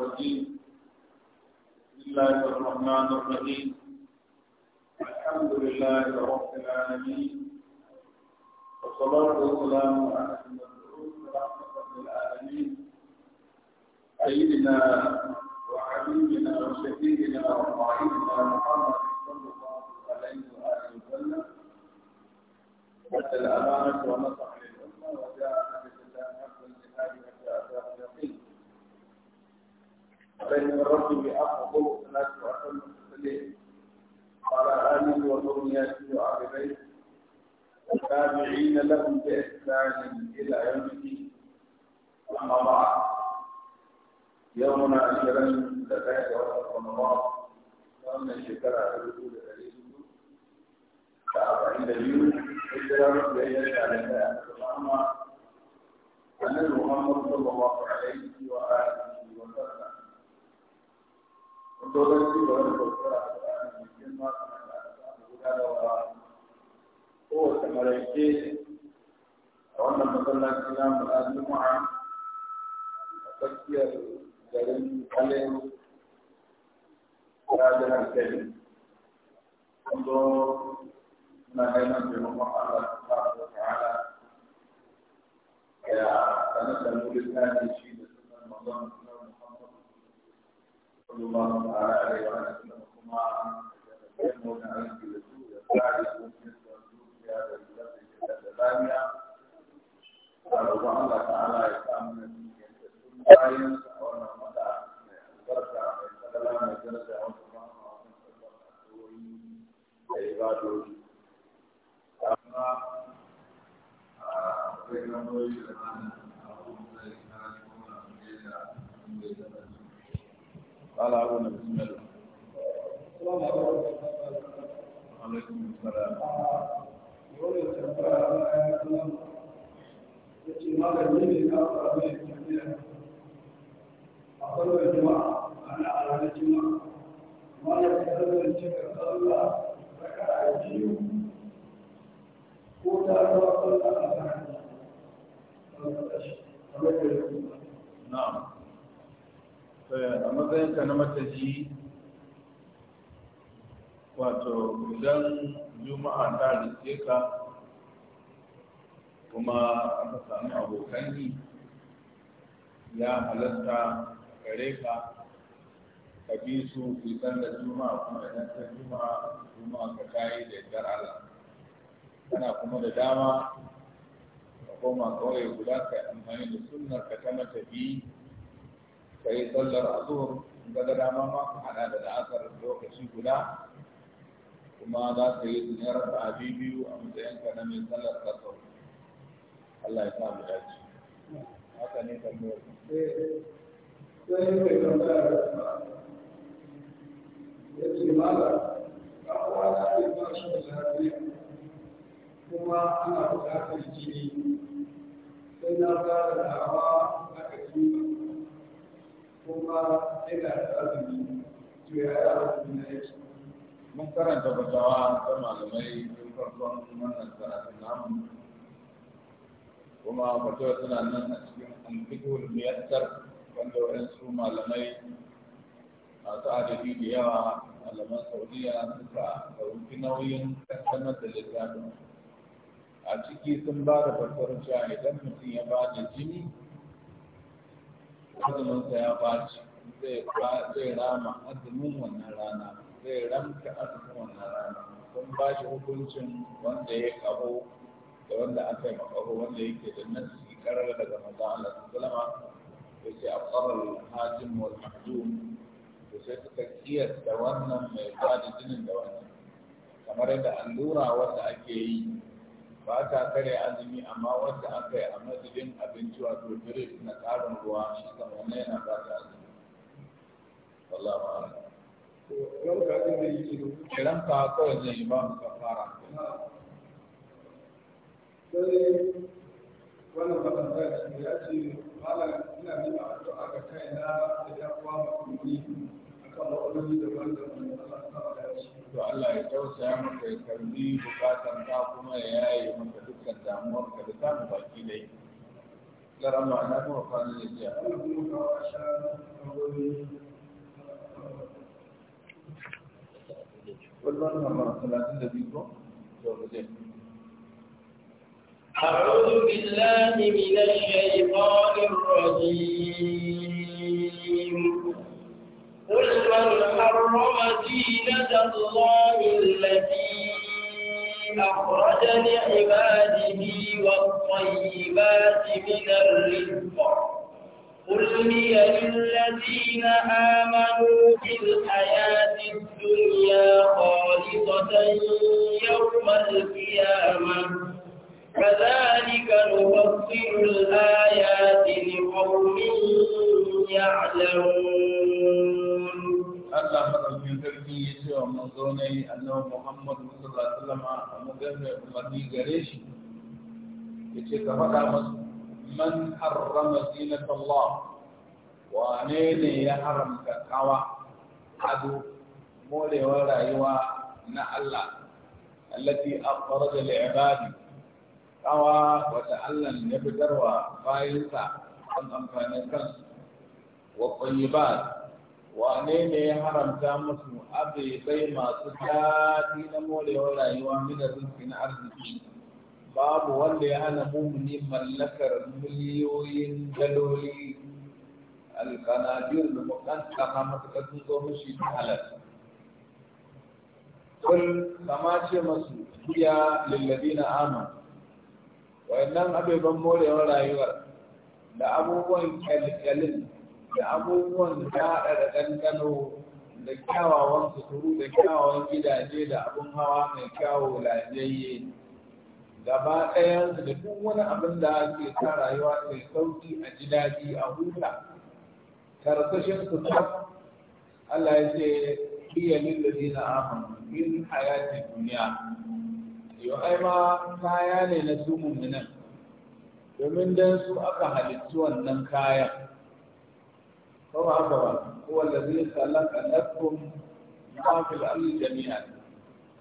الرجيم بسم الله الرحمن الرحيم الحمد لله رب العالمين والصلاة والسلام على المبعوث رحمة العالمين سيدنا وحبيبنا وشفيعنا وقائدنا محمد صلى الله عليه وآله وسلم الأمانة ونصح بين الرجل ربه أفضل الصلاة وأتم التسليم على آله وذرياته وآل بيته والتابعين لهم بإحسان إلى يوم الدين أما بعد يومنا عشرين زكاة رمضان وأن الشكر الرسول الكريم عند اليوم رب بأي على أما أن محمد صلى الله عليه وآله وسلم domin ci gaba da bautar a mai girma kamar da aka samu gudanarwa kowace maraice a wannan masallaci na mu na juma'a a tsakiyar garin kalin ya jihar kebbi kunzo na neman taimakon allah subhanahu wa ta'ala ya sanar da mu littafi shi da sunan manzon Akwai Thank you. قال أبونا بسم الله السلام عليكم السلام يقول السفراء على الله يتي ما لديني أفضل من الجميع أقول الجماعة أنا على الجماعة ما يتكلم الشكر الله ركع الجيو قلت أنا أقول أنا نعم Eh, a matsayinka na mataji wato idan juma'a ta rike ka kuma aka sami abokan yi ya halatta gare ka ka bi su idan da juma'a kuma idan ta juma'a juma'a ka kayi da yardar Allah kana kuma da dama ka koma kawai guda ka amfani da sunar ka ta mata ka yi sallar azur ga da dama ma ka hada da la'asar lokaci guda kuma za ka yi duniyar rabi biyu a matsayin ka na mai sallar kasar Allah ya sa mu dace haka ne tambayar eh, sai kai tambaya ya ce mala ba kowa za ka yi ba shi da lafiya kuma ana buƙatar jini sai na fara da hawa aka yi kuma yana da azumi to ya yi azumi na yake mun karanta fatawa ta malamai tun farkon wannan karatun namu kuma fatawa tana nan a cikin alfikul miyattar wanda waɗansu malamai masu adadi da yawa malaman saudiya suka ɗauki nauyin kaddamar da littafin a ciki sun ba da fasar cewa idan mutum ya ba da jini azuminsa ya baci zai rama azumin wannan rana zai ramta azumin wannan rana sun ba shi hukuncin wanda ya kaho da wanda aka yi makaho wanda yake da nasi karar daga maza Allah su salama da sai a tsarar hajjin wal mahjum da sai suka kiyasta wannan mai ba da jinin da wannan kamar yadda allura wanda ake yi ba ta kare azumi amma wanda aka yi a madadin abinci wato drink na karin ruwa shi kan yana ba ta azumi Yau ka ranka din da yake da ranka kawai zai yi ba mu kafara sai wannan ya ce malam ina addu'a ga kaina da ya kuwa mutum akan to Allah ya tausaya maka ya karbi bukatan ka kuma ya yaye maka dukkan damuwar ka da samu baki dai karan ma na kuma kwanan da jiya والله ما ثلاثين دقيقة أعوذ بالله من الشيطان الرجيم احذر الحر دينة الله التي أخرج لعباده والطيبات من الرزق قل هي للذين آمنوا في الحياة الدنيا خالصة يوم القيامة كذلك نفصل الآيات لقوم يعلمون Allah madaukin sarki ya ce wa manzo na yi annabi Muhammadu sallallahu alaihi wasallam a magana umarni gare shi ya ce ka faɗa masu man harrama zinat Allah wane ne ya haramta kawa ado morewar rayuwa na Allah allati akhraja li ibadi kawa wata Allah ya fitarwa bayinsa an amfanin kansu wa qayyibat wane ne ya haramta musu bai masu daɗi na morewar rayuwa mina na arziki babu wanda ya hana mumuni mallakar miliyoyin daloli alkanabir da mukanta ha matuƙar sun zo mushi ta halar kun kama ce masu kuya lullabi na aman wayannan abeban morewar rayuwar da abubuwan kyalkyalin da abubuwan haɗa da ɗanɗano da kyawawan suturu da kyawawan gidaje da abin hawa mai kyawo lafiyayye gaba ɗayansu da duk wani abin da ake ta rayuwa mai sauki a ji daji a huta karsashin su ta Allah ya ce iya lillazi na amin min hayati duniya yau ma kaya ne na su mummunan domin dan su aka halittu wannan kayan فهو هكذا هو الذي خلق لكم ما في الأرض جميعا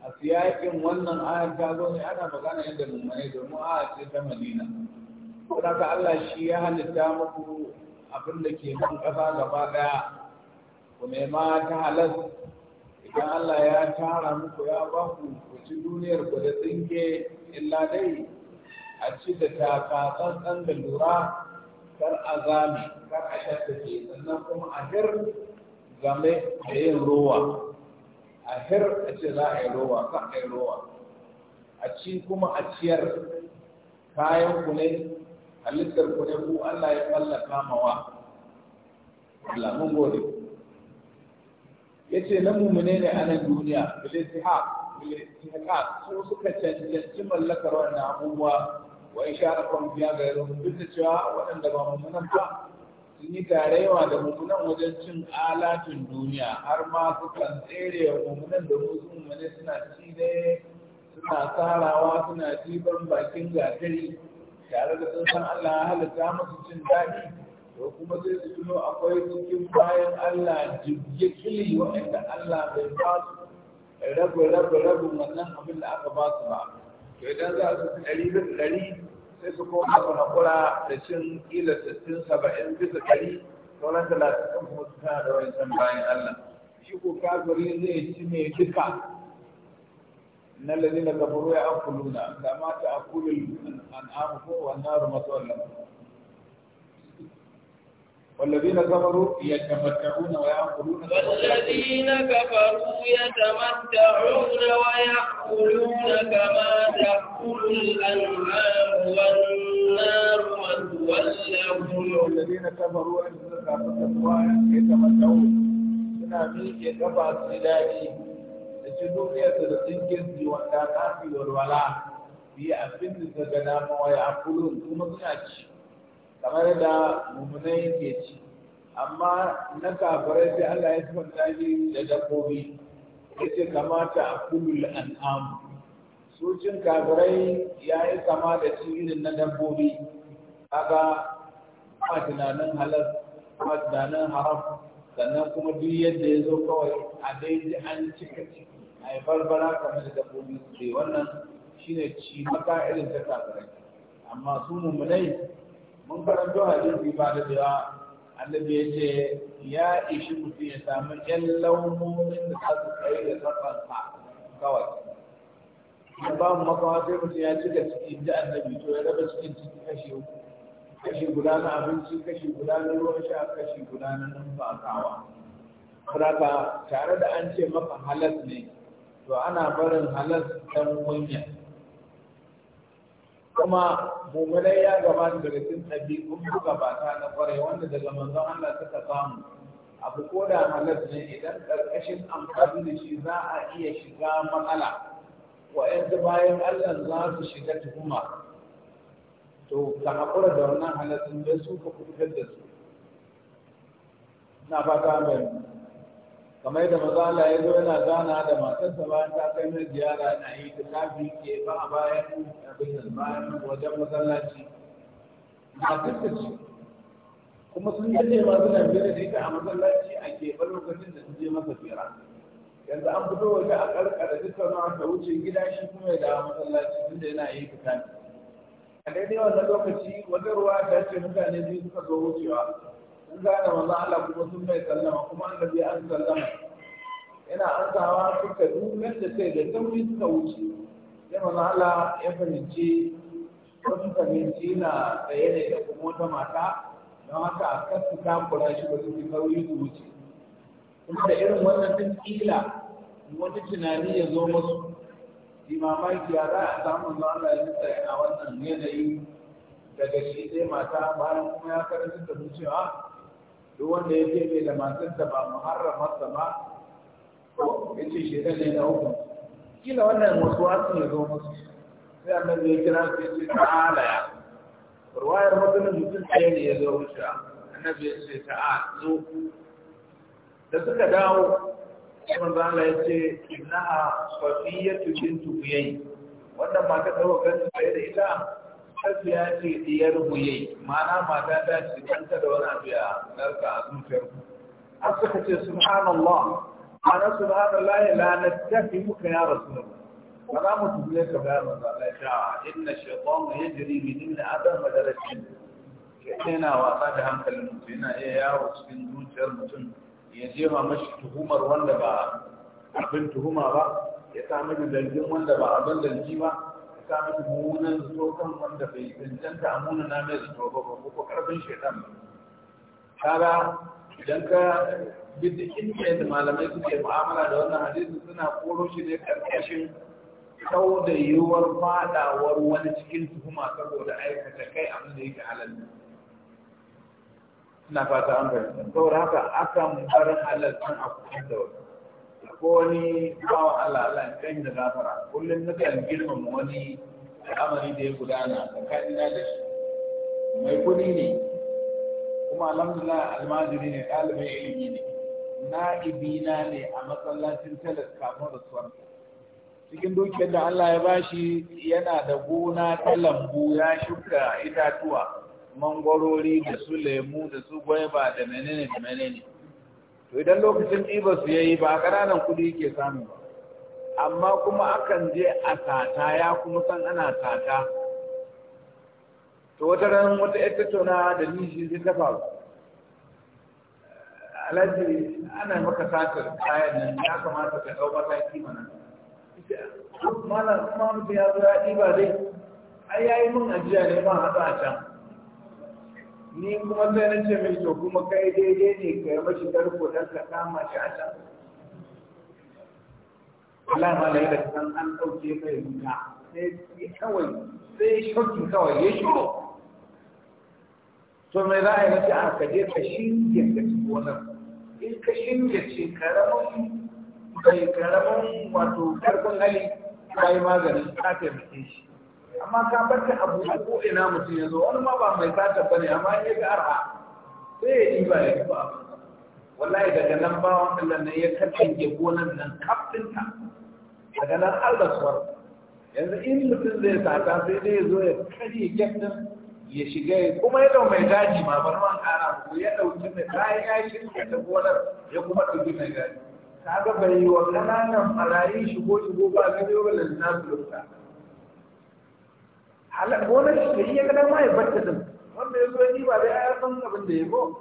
a siyakin wannan ayar ta zo ana magana yadda mummai domin a ce ta madina kuna Allah shi ya halitta muku abin da ke kan ƙasa gaba ɗaya Ku ma ta halas idan Allah ya tara muku ya baku ku ku ci duniyar ku da tsinke illa dai a ci da taka tsantsan da lura kar a zame kar a shattace na kuma a hir game da yin rowa a hir a ce za a yi rowa kan a yi rowa a ci kuma a ciyar kayan ku ne halittar ku ne ku Allah ya falla mawa Allah mun gode yace na mumune ne a nan duniya bil ittihad bil ittihad su suka cancanci mallakar wannan abubuwa wa isharakum biya gairun duk da cewa waɗanda ba mumunan ba sun yi tarewa da mummunan wajen cin alatun duniya har ma sukan tsere wa mummunan da musu mummune suna ci dai suna tsarawa suna ban bakin gatari tare da sun san Allah ya halitta musu cin daɗi to kuma sai su tuno akwai cikin bayan Allah jirge kili waɗanda Allah bai ba su rabu rabu rabu wannan abin da aka ba su ba to idan za su ɗari da ɗari sai su koma su haƙura da cin ila sittin saba'in bisa ɗari sauran talatin kuma su tana da wani san bayan Allah shi ko kafiri zai ci ne duka na lalina gabaro ya mata a ta an an'amu ko wannan rumatsu lamarin والذين كفروا يتمتعون ويأكلون والذين كفروا يتمتعون ويأكلون كما تأكل الأنعام والنار مثوى لهم الذين كفروا يتمتعون suna miƙe gaba su daɗi da ci duniyar da sun girki wanda na fi walwala biya abin da daga dama wa ya kuma suna ci kamar da muminai ke ci amma na kafirai sai Allah ya kwanta shi da dabbobi yace kamata a kulul an'am su cin kafirai ya yi kama da cin na dabbobi kaga ba tunanin halal ba tunanin haram sannan kuma duk yadda ya zo kawai a daidai an cika ciki a yi barbara kamar da dabbobi su wannan shine ci maka irin ta kafirai amma su mummunai mun karanto hadisi ba da da annabi ya ce ya ishi mutum ya samu ƴan launonin da za su tsaye da tsafansa kawai in ba mu makawa sai mutum ya cika ciki, da annabi to ya raba cikin cikin kashe kashi guda na abinci kashi guda na ruwan sha kashi guda na numfasawa saboda tare da an ce maka halas ne to ana barin halas dan kunya kuma mummunai ya gabata daga cikin ba gabata na kwarai wanda daga manzon Allah suka samu abu ko da halar ne idan karkashin amfani da shi za a iya shiga matsala yanzu bayan Allah za su shiga tuhuma to ka haƙura da wannan halattun bai su ka kubutar da su na ta mai kamar da maza Allah ya zo yana gana da matarsa bayan ta kai mai ziyara na yi ta tafi ke ba a bayan abin da bayan wajen masallaci na tattace. kuma sun yi ba suna biyar da ita a masallaci a keɓar lokacin da su je masa fira yanzu an fito waje a karkara tattaunawa ta wuce gida shi kuma ya dawo masallaci da yana yi ta tafi a daidai wannan lokaci wajen ruwa ta ce mutane biyu suka zo wucewa sun gane manzo Allah kuma sun mai sallama kuma annabi an sallama yana ansawa suka dukkan da sai da sauri suka wuce sai manzo Allah ya fahimci wasu fahimci na tsaye ne da kuma wata mata don haka kan su takura shi ba su fi su wuce kuma da irin wannan tun kila wani tunani ya zo musu mamaki ya za a samu zuwa Allah ya a wannan yanayi daga shi sai mata bayan kuma ya karanta da cewa duk wanda ya ce da matarsa ba ta ba ko ya ce shaidan ne na hukun kila wannan wasu wasu ne zo musu sai annabi ya kira su ya ce ta'ala ya ruwayar maganin mutum ɗaya ne ya zo wuce annabi ya ce ta'ala zo da suka dawo kuma za a yi ce innaha safiyatu bintu huyay wannan mata da wakan da ita karfi ya ce diyar huye, mana mata ta ce ta da wani abu ya narka a zuciyar ku har suka ce subhanallah ana subhanallah ya lanattafi muka ya rasu ba za mu tuhle ka ba ba za a sha inna shaitan ya jiri min inna adam madarasin shaitan yana wasa da hankalin mutum yana iya yawo cikin zuciyar mutum ya jefa mashi tuhumar wanda ba abin tuhuma ba ya sa mini zargin wanda ba abin zargi ba ta musu munan zato kan wanda bai cancanta a munana mai zato ba ko ko karfin shaitan kaga idan ka bi duk inda malamai suke mu'amala da wannan hadisi suna koro shi ne karkashin kau da yiwuwar fadawar wani cikin tuhuma saboda aikata kai abin da yake halal ina fata an fahimta saboda haka akan bar halal an a kuɗin da wasu ko wani bawa Allah Allah ya kai da gafara kullum na kan girmama wani al'amari da ya gudana tsakanina da shi mai kuɗi ne kuma alhamdulillah almajiri ne ɗalibin ilimi ne na'ibina ne a matsalacin talas kafin rasuwar cikin dukiyar da Allah ya bashi yana da gona ta lambu ya shuka itatuwa mangwarori da su lemu da su gwaiba da menene da menene to idan lokacin ɗiba su yayi ba ƙananan kuɗi yake samu ba amma kuma akan je a tata ya kuma san ana tata to wata ran wata ita tattauna da nishi zai ta faru alhaji ana maka satar kayan nan ya kamata ka ɗau mataki mana malam kuma ya zo ya ɗiba dai ai yayi min ajiya ne ba haɗu a can ni kuma sai na ce mai to kuma kai daidai ne ka yi mashi tarko don ka kama shi a can Allah ma da yadda kan an ɗauke mai wuta sai kawai sai shokin kawai ya shiro to mai za a yi nace a ka je ka shinge ka ci gonar in ka shinge ce karamin bai karamin wato karfin hali yi maganin ta taimake shi amma ka ta abu a ko ina mutum ya zo wani ma ba mai sata bane amma ya ga arha sai ya ɗiba ya ɗiba wallahi daga nan bawan Allah ne ya katange gonan nan kafinta daga nan Allah suwar yanzu in mutum zai sata sai dai ya zo ya karya gyafin ya shiga ya kuma ya mai daji ma bar man kara ko ya dauki mai bayan ya shirya ta gonar ya kuma dauki mai daji kaga bai yi wa kananan malayin shigo shigo ba ga dole na su gonar shi da iya gada ma ya bata din wanda ya zo ni ba dai ya san abin da ya go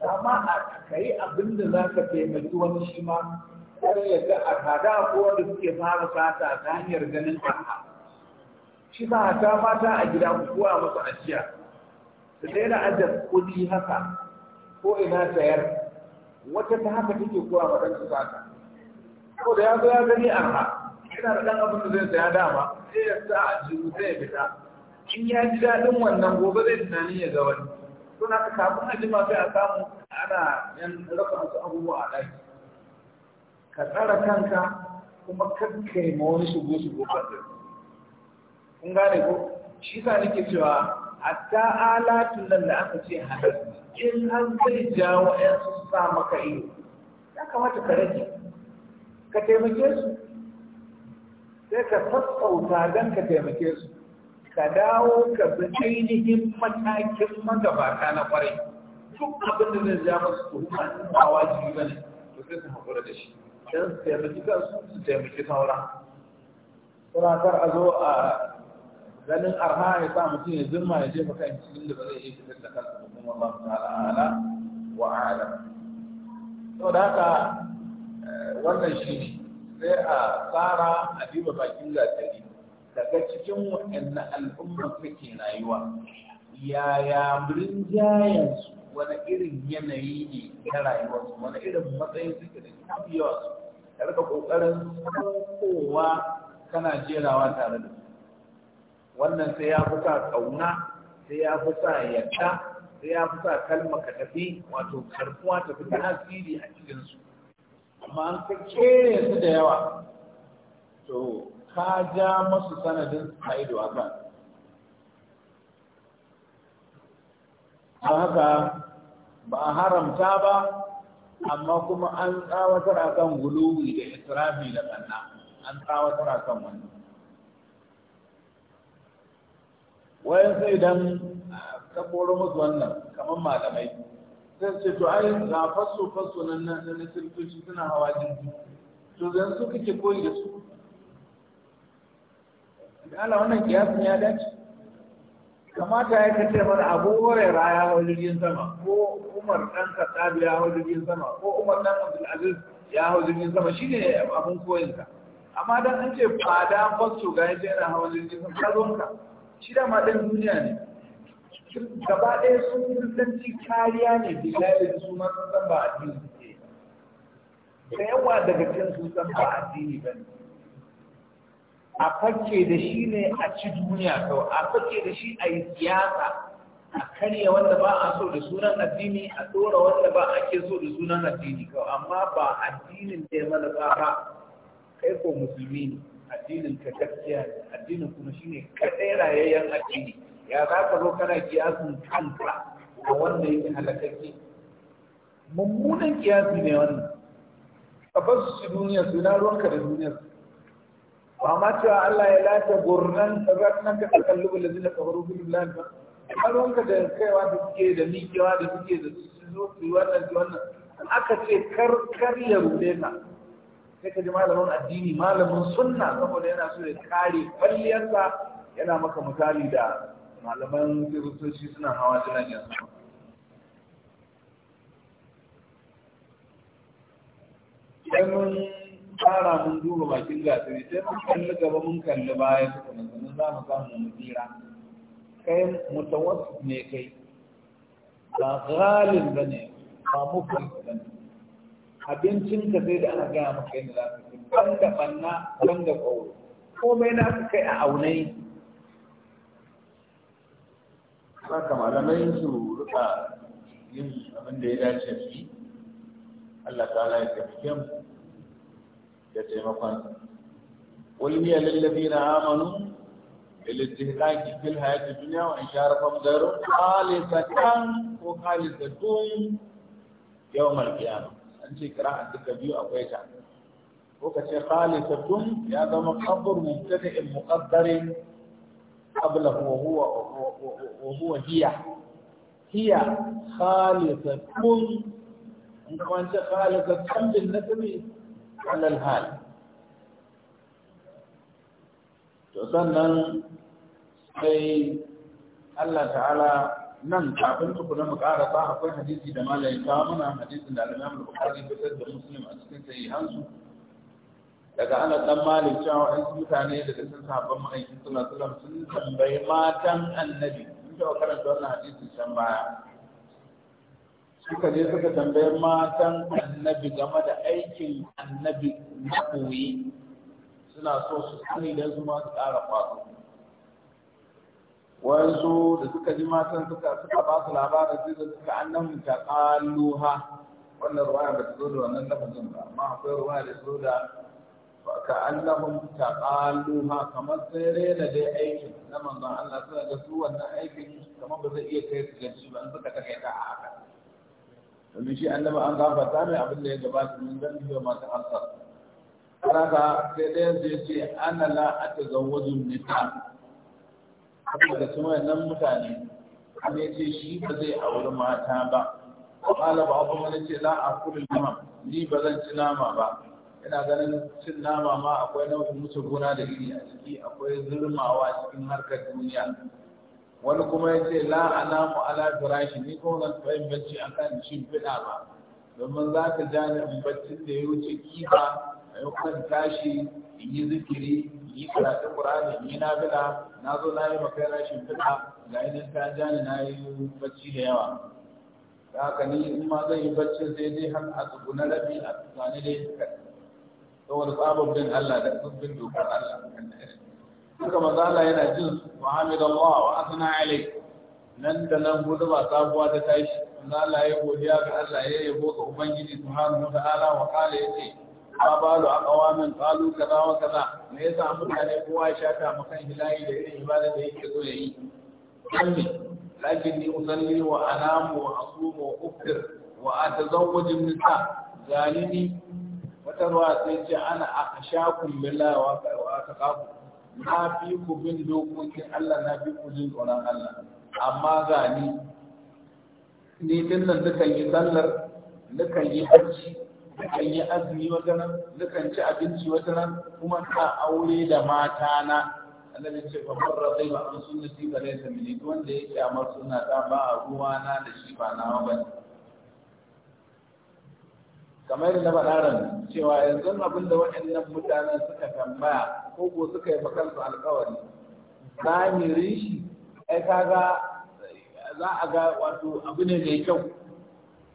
amma a kai abin da za ka taimaki wani shi ma kar ya ga a kada ko wanda suke fara sata ta hanyar ganin a'a shi ba ta mata a gida kuwa masu ajiya su daina ajiye kuɗi haka ko ina sayar wata ta haka take kuwa ma ɗan ta? sata ko da ya zo ya gani arha yana da ɗan abin da zai saya dama sai ya sa a jiru sai fita in ya ji daɗin wannan gobe zai tunani ya ga wani to na kafin a jima sai a samu ana yan raka musu abubuwa a ɗaki ka tsara kanka kuma kakkai ma wani shigo shigo ɓarɗin kun gane ko shi sa nake cewa hatta alatun nan da aka ce hada in an zai jawo ‘yan su sa maka iyo ya kamata ka rage ka taimake su sai ka sassauta don ka taimake su ka dawo ka bi ainihin matakin magabata na kwarai duk abin da zai ja su tuhuma in ba jiri ba ne to sai su haƙura da shi don su taimaki kansu su taimaki sauran. suna kar a zo a ganin arha ya sa mutum ya zirma ya jefa kan cikin da ba zai iya fitar da kansa ba kuma ba ta'ala ala wa ala da haka eh, wannan shi ne sai a tsara a duba bakin gatari daga cikin waɗanne al'umma suke rayuwa yaya rinjayensu wani irin yanayi ne na rayuwarsu wani irin matsayin suke da cikin ka rika ƙoƙarin kowa kana jerawa tare da su wannan sai ya fi sa ƙauna sai ya fi sa yadda sai ya fi sa kalma ka tafi wato karfuwa tafi ta asiri a cikinsu amma an ka kere su da yawa to ka ja masu sanadin haidu a kan haka ba a haramta ba amma kuma an tsawatar a kan guluwi da isra'i da ɓanna an tsawatar a kan wani wayan sai idan ka koro musu wannan kamar malamai sai ce to ai ga fasu faso nan na shi suna hawa jirgi to zan su kake koyi da su da Allah wannan kiyasin ya dace kamata ya kace mana Abu Hurairah ya hau jirgin sama ko Umar dan Khattab ya hau jirgin sama ko Umar dan Abdul Aziz ya hau jirgin sama shine abun koyin ka amma dan an ce fada fasu ga yace yana hawa jirgin sama ka zonka shi da ma dan duniya ne gaba ɗaya sun kusanci kariya ne bilayen su ma sun san ba addini da yawa daga can sun san ba addini ba ne a fake da shi ne a ci duniya kawai a fake da shi a yi siyasa a karya wanda ba a so da sunan addini a tsora wanda ba a ke so da sunan addini kawai amma ba addinin da ya mana ba kai ko musulmi ne addinin ka gaskiya ne addinin kuma shine kadai rayayyen addini ya za ka zo kana kiyasin kanka a wanda yake halakakke mummunan kiyasi ne wannan a basu shi duniya su na ruwanka da duniyar su ba ma cewa Allah ya lata gurnan rannan ka takallubul ladina kafaru bil bilad ba har ka da kaiwa da suke da miƙewa da suke da su wannan aka ce kar kar ya rude ka sai ka ji malamin addini malamin sunna saboda yana so ya kare kwalliyarsa yana maka misali da malaman kiristoci suna hawa jiran yanzu fara mun duba bakin gasiri sai mun kalli gaba mun kalli baya su kuma sannan za mu samu mu tsira kai mutawassit ne kai ba galin ba ne ba mukan ba ne abincinka sai da ana gaya maka yadda za ka ci ban da banna ban da kowa ko mai na ka kai a aunai haka malamai su rika yin abin da ya dace su Allah ta ya tafi mu da taimakon ulmiya lillazi na amanu الاستهلاك في الحياة الدنيا وإن شاء ربهم دارهم خالصة وخالصة يوم القيامة أنت قراءة الكبير أو إيجا خالصة يا دم مقدر مبتدئ مقدر قبله وهو وهو هي هي خالصة أنت خالصة بالنسبة alal hal to sannan sai Allah ta'ala nan kafin ku kuma mu ba akwai hadisi da malayin kawo mana hadisin da alimam al-bukhari fitar da musulun a cikin hansu daga ana dan malin cewa an mutane da sun sabon ma'aikin sallallahu alaihi wasallam sun tambayi matan annabi mun ta karanta wannan hadisin can baya suka je suka tambayi matan annabi game da aikin annabi na koyi suna so su sani da su masu ƙara faɗo wasu da suka ji matan suka suka ba su labarin sai da suka annabi ta ƙaluha wannan ruwaya ba ta zo da wannan lafazin ba amma akwai ruwaya da zo da ka ta taqaluha kamar sai rena dai aikin na manzon Allah suna da su wannan aikin kamar ba zai iya kai su gaji ba in suka take ta a haka wani shi annaba an gafarta mai abin da ya gabata mun zan biyo masu hasar haka sai ɗayan zai ce ana la a ta zawajin nita su mai nan mutane an ya ce shi ba zai auri mata ba kala ba abu wani ce la a kulin nama ni ba zan ci nama ba ina ganin cin nama ma akwai nau'in mutu gona da iri a ciki akwai zurmawa cikin harkar duniya wani kuma ya ce la alamu ala firashi ni kuma zan tsayin bacci a kan shimfiɗa ba domin za ka ja ni in baccin da ya wuce kifa a yau kan tashi in yi zikiri in yi karatun ƙur'ani in yi nafila na zo na yi rashin shimfiɗa ga idan ta ja ni na yi bacci da yawa Za ka ni in ma zan yi bacci sai dai har a na rabi a tsugani dai saboda tsabar bin Allah da tsubbin dokar Allah haka manzo Allah yana jin muhammadallah wa Asana alai nan da nan gudu ba sabuwa ta tashi manzo Allah ya godiya ga Allah ya yabo ga ubangiji subhanahu wataala wa kala yace abalu aqwamin qalu kaza wa kaza me yasa mutane kowa ya shata makan hilahi da irin ibada da yake so yayi لكني أصلي وأنام وأصوم وأفطر وأتزوج النساء قالني وتروى أنا أخشاكم بالله وأتقاكم na fi ku bin dokokin Allah na fi ku jin tsoron Allah amma ga ni ni din nan nukan yi sallar nukan yi hajji nukan yi azumi wata nan nukan ci abinci wata nan kuma ka aure da mata na annabi ce fa farra zai ba sunnati ba ta mini wanda yake amar suna ta ba a ruwa na da shi ba nawa ne. kamar yadda na faɗa cewa yanzu abin da waɗannan mutanen suka tambaya ko ko suka yi kansu alkawari yi shi ai kaga za a ga wato abu ne mai kyau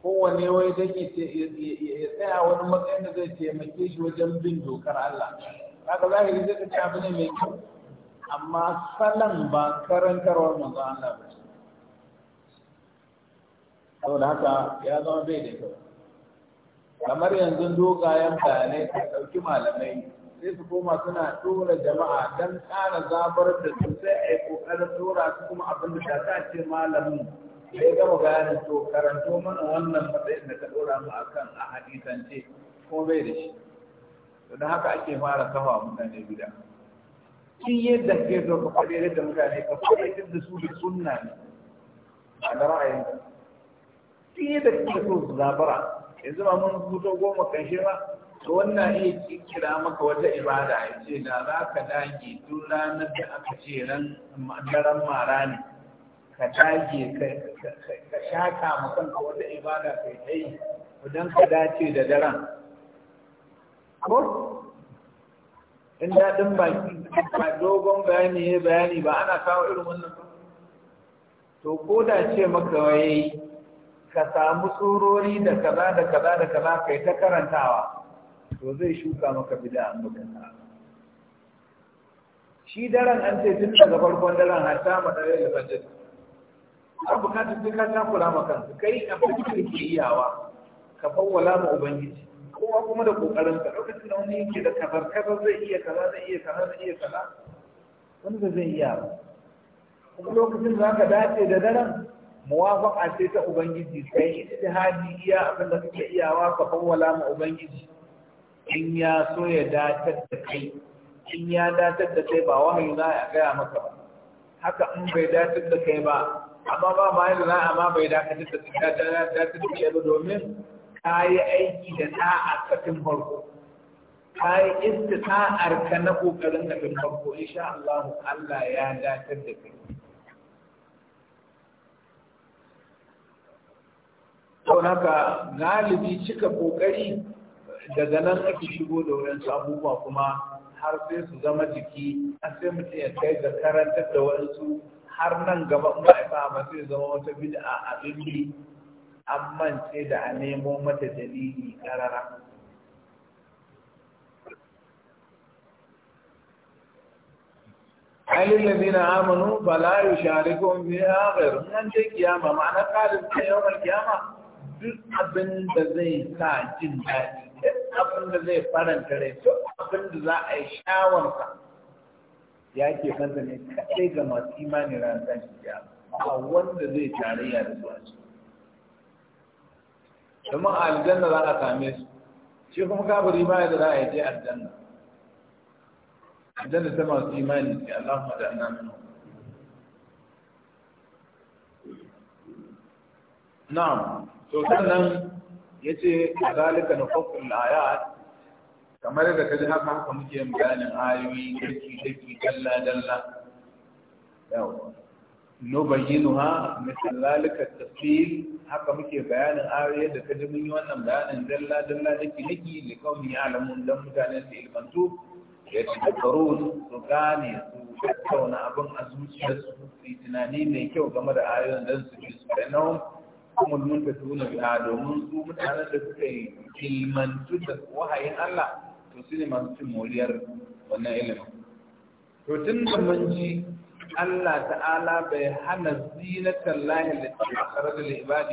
kowane wai ya tsaya wani matsayin da zai taimake shi wajen bin dokar Allah kaga zahiri zai ta abu ne mai kyau amma salon ba karantarwar manzo Allah ba saboda haka ya zama bai da kyau kamar yanzu dogayen bayanai ka ɗauki malamai sai su koma suna tura jama'a don ƙara zabar da su sai a yi ƙoƙarin tura su kuma abin da ta sa ce malamin da ya gama bayanin to karanto mana wannan matsayin da ka ɗora mu a kan a hadisance ko bai da shi don haka ake fara kafa mutane gida shi yadda ke zo ka faɗi da mutane ka faɗi da su da sunna ne a da ra'ayin shi yadda ke so su zabara yanzu ba mun hutu goma ƙarshe ba to wannan iya kira maka wata ibada ya ce da za ka dage duk ranar da aka ce ran daren mara ne ka dage ka shaka ma kanka wata ibada kai ta yi idan ka dace da daren ko in daɗin baki ba dogon bayani ya bayani ba ana kawo irin wannan to ko da ce maka waye ka samu tsorori da kaza da kaza da kaza kai ta karantawa to zai shuka maka bid'a an baka shi daren an ce tun daga farkon daren ta madare da fajr har bukatar duk ka kula ma kansu kai a fajr ke iyawa ka fawwala ma ubangiji kowa kuma da kokarin ka lokacin da wani yake da kazar kazar zai iya kaza zai iya kaza zai iya kaza wanda zai iya kuma lokacin za ka dace da daren muwafaqa sai ta ubangiji kai ijtihadi iya abin da kake iyawa ka fawwala ma ubangiji in ya so ya datar da kai in ya datar da kai ba wahayi za a gaya maka ba haka in bai datar da kai ba amma ba ma yadda za a ma bai dakatar da kai Ta datar da kai ba domin kayi aiki da ta a kafin farko ka yi istita'ar ka na kokarin kafin farko insha Allah Allah ya datar da kai don haka galibi cika kokari daga nan ake shigo da wurin abubuwa kuma har sai su zama jiki an sai mutum ya kai ga karantar da wasu har nan gaba ma'aifa ba sai zama wata bid'a a abin bi an mance da a nemo mata dalili karara hali lalzina amanu ba la'ayu shari'a sharikun biya gairu nan dai kiyama ma'ana kalin ta yawon kiyama duk abin da zai sa jin daɗi duk abin da zai faranta rai duk abin da za a yi shawarsa ya ke fanta ne kaɗai ga masu imani ranar jiya ya ba wanda zai tarayya da zuwa su kuma a aljanna za a same su shi kuma kafiri ba da za a yi je aljanna aljanna ta masu imani ce Allah ma da annan na'am to sannan ya ce a zalika na kofin ayat kamar da ka ji haka haka muke yin bayanin ayoyi kirki kirki dalla dalla yawa ha misal zalika tafsil haka muke bayanin ayoyi da ka ji mun yi wannan bayanin dalla dalla daki daki li qaumi ya'lamun dan mutanen da ilmantu ya tafakkarun su gane su tattauna abin a zuciyarsu su yi tunani mai kyau game da ayoyin dan su ji su kuma mun ta tuna bila domin su mutanen da suka yi ilmantu da wahayin Allah to su ne masu cin moriyar wannan ilimin to tun da mun ji Allah ta'ala bai hana zinatar lahin da ke akarar da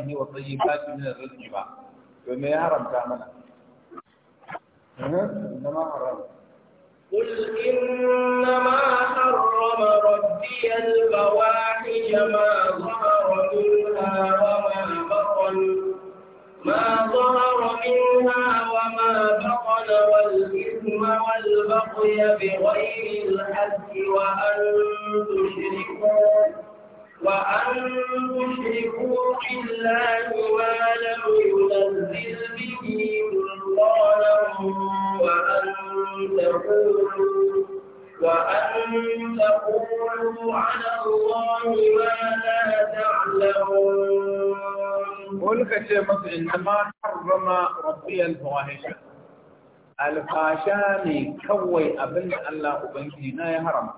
ne wa tsayi ba su nuna ba to me ya haramta mana zama haramta قل إنما حرم ربي الفواحش ما ظهر منها وما بطن ما ظهر منها وما بطن والإثم والبغي بغير الحد وأن تشركوا وأن تشركوا بالله ما لم ينزل به سلطانا وأن تقولوا وأن تقولوا على الله ما لا تعلمون قل كشيء مصر إنما حرم ربي الفواحش الفاشاني كوي أبن الله أبنكي لا يهرم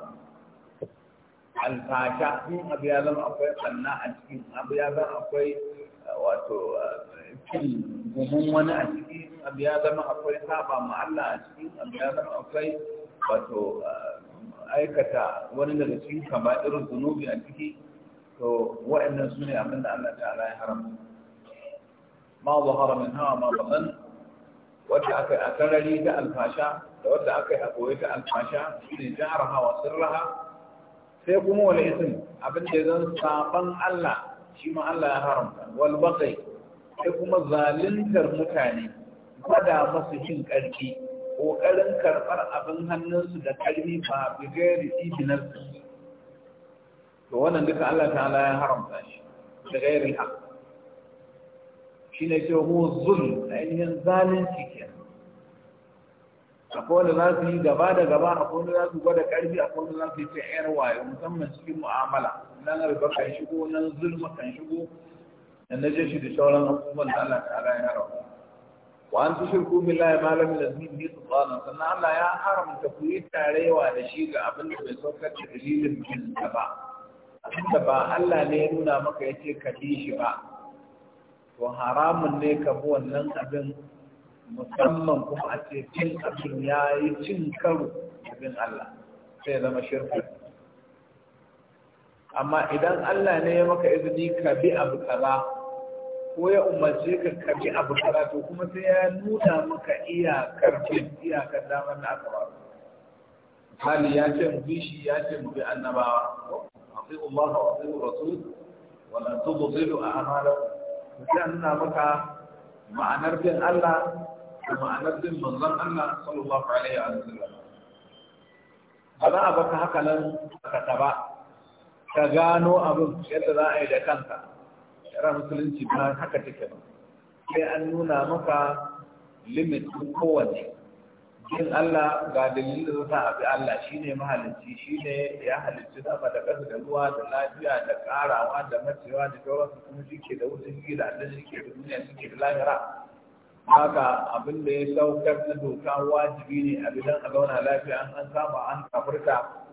alfasha in abu ya zama akwai ɓanna a cikin eh, eh, abu ya zama akwai wato cin gumin wani a cikin abu ya zama akwai saba ma Allah eh, a cikin abu ya zama akwai wato aikata wani daga cikin kaba'ir zunubi a ciki to wa'annan su ne abinda Allah ta'ala ya haramta ma zahara min hawa ma badan wadda aka yi a sarari ta alfasha da wadda aka yi a koyi ta alfasha shine jahar hawa sirraha sai kuma wani ism abin da zan saban Allah shi ma Allah ya haramta wal baqi sai kuma zaluntar mutane gwada masu cin karfi ƙoƙarin karɓar abin hannunsu da karfi ba bigari su. to wannan duka Allah ta'ala ya haramta shi da gairi haq shine ce huwa zulm ainihin zalunci akwai wanda za su yi gaba da gaba akwai wanda za su gwada karfi akwai wanda za su yi ta yar wayo musamman cikin mu'amala nan riba kan shigo nan zulma kan shigo da na shi da shauran abubuwan da Allah ta ala ya haramta wa an tushirku billahi ma lam yunzil bihi sultana sannan Allah ya haramta ku yi tarewa da shi ga abin da bai saukar da dalilin ka ba abin da ba Allah ne ya nuna maka yace ka bi shi ba to haramun ne ka bi wannan abin musamman kuma a ce cin abin ya yi cin karo abin Allah sai zama shirka amma idan Allah ne ya maka izini ka bi abu kaza ko ya umarce ka ka bi abu kaza to kuma sai ya nuna maka iyakar cin iyakar damar na aka ba hali ya ce mu bi shi ya ce mu bi annabawa akwai umarwa akwai rasul wala a a'malakum sai nuna maka ma'anar bin Allah ma'anar bin manzon Allah sallallahu alaihi wa sallam ba za a baka haka nan ka taba ka gano abin yadda za a yi da kanka Yara musulunci ba haka take ba sai an nuna maka limit kowanne bin Allah ga dalilin da zata abi Allah shine mahalicci shine ya halicci sama da ƙasa da ruwa da lafiya da ƙarawa da matsewa da su kuma shi ke da wuce shi da Allah shi ke da duniya shi ke da lahira haka abin da ya saukar na doka wajibi ne a bidan a zauna lafiya an an saba an kafurta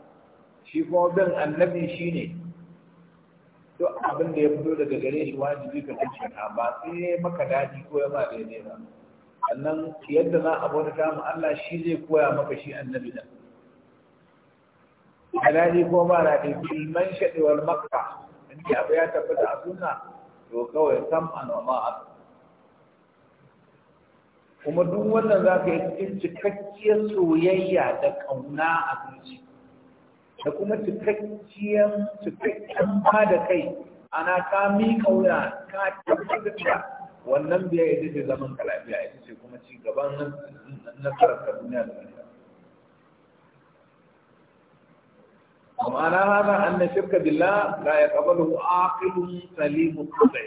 shi kuma bin annabi shi ne duk abin da ya fito daga gare shi wajibi ka kace ka ba sai maka daɗi ko ya ba daidai ba sannan yadda za a bauta mu Allah shi zai koya maka shi annabi da alaji ko ba na da bilman shaɗewar makka in abu ya tabbata a sunna to kawai sam an wa ma'a kuma duk wannan za ka yi cikin cikakkiyar soyayya da ƙauna a zuci da kuma cikakkiyar cikakken ba da kai ana ka mi ƙauna ka tabbatar wannan biya ita ce zaman kalafiya lafiya ita ce kuma ci gaban nasarar ka duniya da lafiya ومعنى هذا أن الشرك بالله لا يقبله عاقل سليم الطبع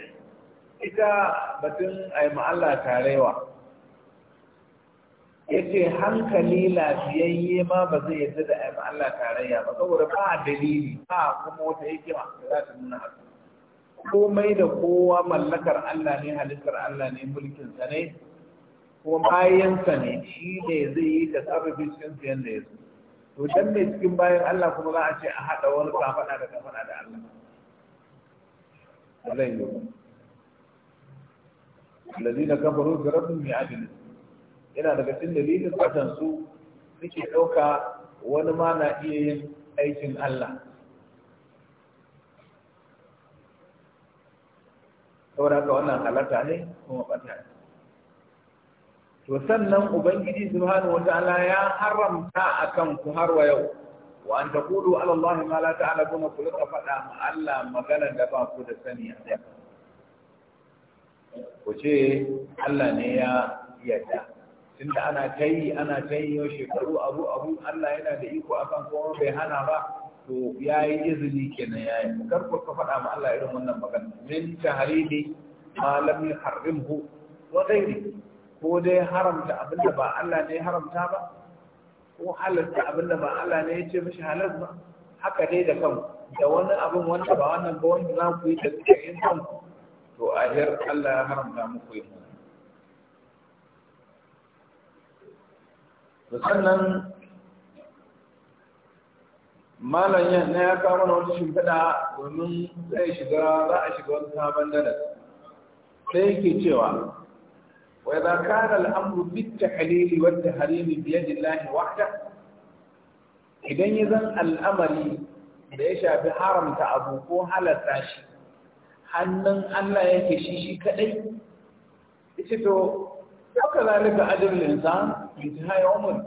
إذا بتن أي مع ma'alla tarewa yace hankali lafiyayye ma ba zai yarda da ayyukan Allah tarayya ba saboda ba dalili ba kuma wata yake da za ta nuna haka komai da kowa mallakar Allah ne halittar Allah ne mulkin sa ne kuma bayan sa ne shi ne zai yi da sarrafa cikin sa yanda ya to dan ne cikin bayan Allah kuma za a ce a hada wani kafada da kafada da Allah Allah yi الذين كفروا بربهم يعدلون yana daga cikin dalilin kasan su suke ɗauka wani ma na iya yin aikin Allah saboda ka wannan halarta ne kuma bata ne to sannan ubangiji subhanahu wataala ya haramta akan ku har wa yau wa an taqulu ala allah ma la ta'lamuna kullu rika faɗa ma Allah magana da ba ku da sani ku ce Allah ne ya yadda tunda ana ta yi ana ta yi yau shekaru abu abu Allah yana da iko akan kuma bai hana ba to ya yi izini kenan ya yi kar ku ka faɗa ma Allah irin wannan magana min tahrimi ma lam yuharrimhu wa ghairi ko dai haramta abinda ba Allah ne haramta ba ko halarta abinda ba Allah ne ya ce mishi halal ba haka dai da kan da wani abin wanda ba wannan ba wanda za ku yi da suke yin kanku to ahir Allah ya haramta muku yin wannan sannan malam ya na ya kama na wata shimfiɗa domin zai shiga za a shiga wani sabon dada sai yake cewa wai za ka al al'amuru bitta halili wata halili biya yadi Allah idan yi zan al'amari da ya shafi haramta abu ko halatta shi hannun Allah yake shi shi kadai ita to haka zalika ajin linsan intiha yawmun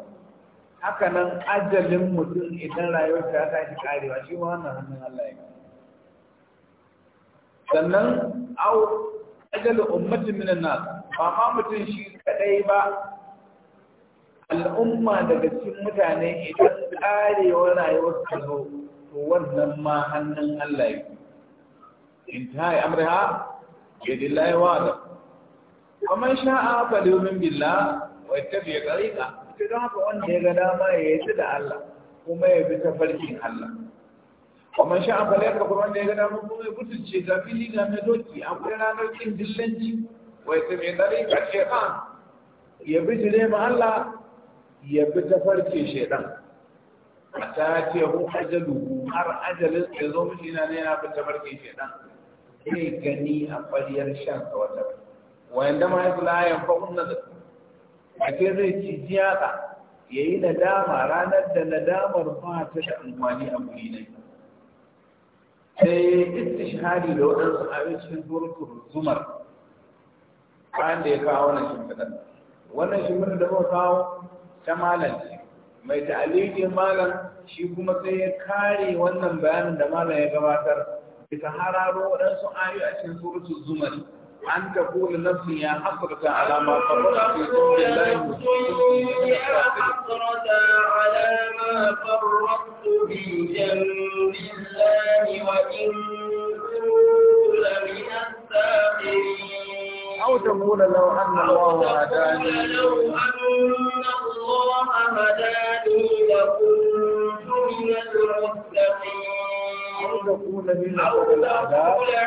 haka nan ajalin mutum idan rayuwarsa ya tashi karewa shi ma wannan hannun Allah ya sannan au ajal ummatin minan nas ba ma mutum shi kadai ba al'umma daga cikin mutane idan karewar rayuwar ta zo to wannan ma hannun Allah ya intihai amriha bi dillahi wa da kuma sha'a fa domin billah wata biya ƙariƙa ta don haka wanda ya ga dama ya yi da Allah kuma ya bi ta farkin Allah kuma shi an falaka kuma wanda ya ga dama kuma ya mutunce ga fili ga na doki akwai ranar kin dillanci wai gari ka ƙariƙa shaitan ya bi jire ma Allah ya bi ta tafarkin shaitan a ta ce hu ajalu har ajalin da zo mishi na ne na bi tafarkin shaitan zai gani a fariyar shan wata wanda ma ya fi la ya fa'un nazar ake zai ci jiyaka ya yi nadama ranar da nadamar ba ta da amfani a wuri ne sai istishhari da waɗansu abincin turkun zumar bayan da ya kawo wannan shimfiɗar wannan shimfiɗar da muka kawo ta malam ce mai ta'aliki malam shi kuma sai ya kare wannan bayanin da malam ya gabatar bisa hararo waɗansu ayoyi a cikin suratul zumar أن تقول نفسي يا حسرة على ما فرطت في ذكر الله يا حسرة على ما فرطت في جنب الله وإن كنت من الساخرين أو تقول لو أن الله هداني لو أن الله هداني لكنت من المتقين يقول من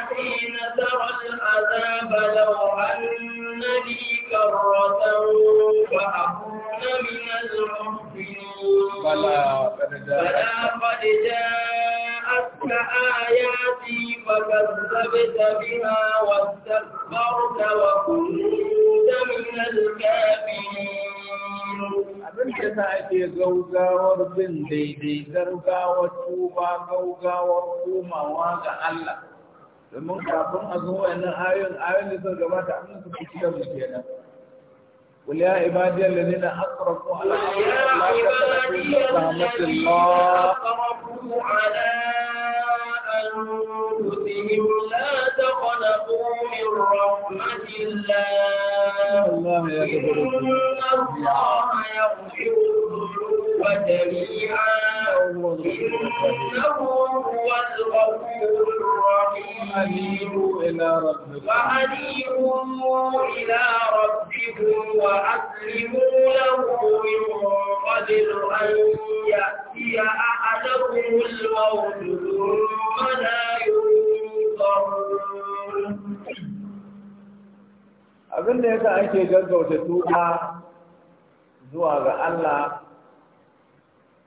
حين ترى العذاب لو أن لي كرة فأكون من المحسنين فلا قد جاءتك آياتي فكذبت بها واستكبرت وكنت من الكافرين abin da ta ake gaugawar bin daidai gargawar tuba gaugawar komawa ga Allah domin kafin a zo wayannan ayon ayon da sun gabata an su fi cikin mu kenan قل يا عبادي الذين أسرفوا على أنفسهم لا تقنطوا من رحمة الله أنفسهم لا تخلقوا من رحمة الله إن الله يغفر الذنوب جميعا إنه هو الغفور الرحيم فأنيبوا إلى ربكم وأسلموا له من قبل أن يأتي أحدهم الموت ثم abin da yasa ake gaggauta tuba zuwa ga Allah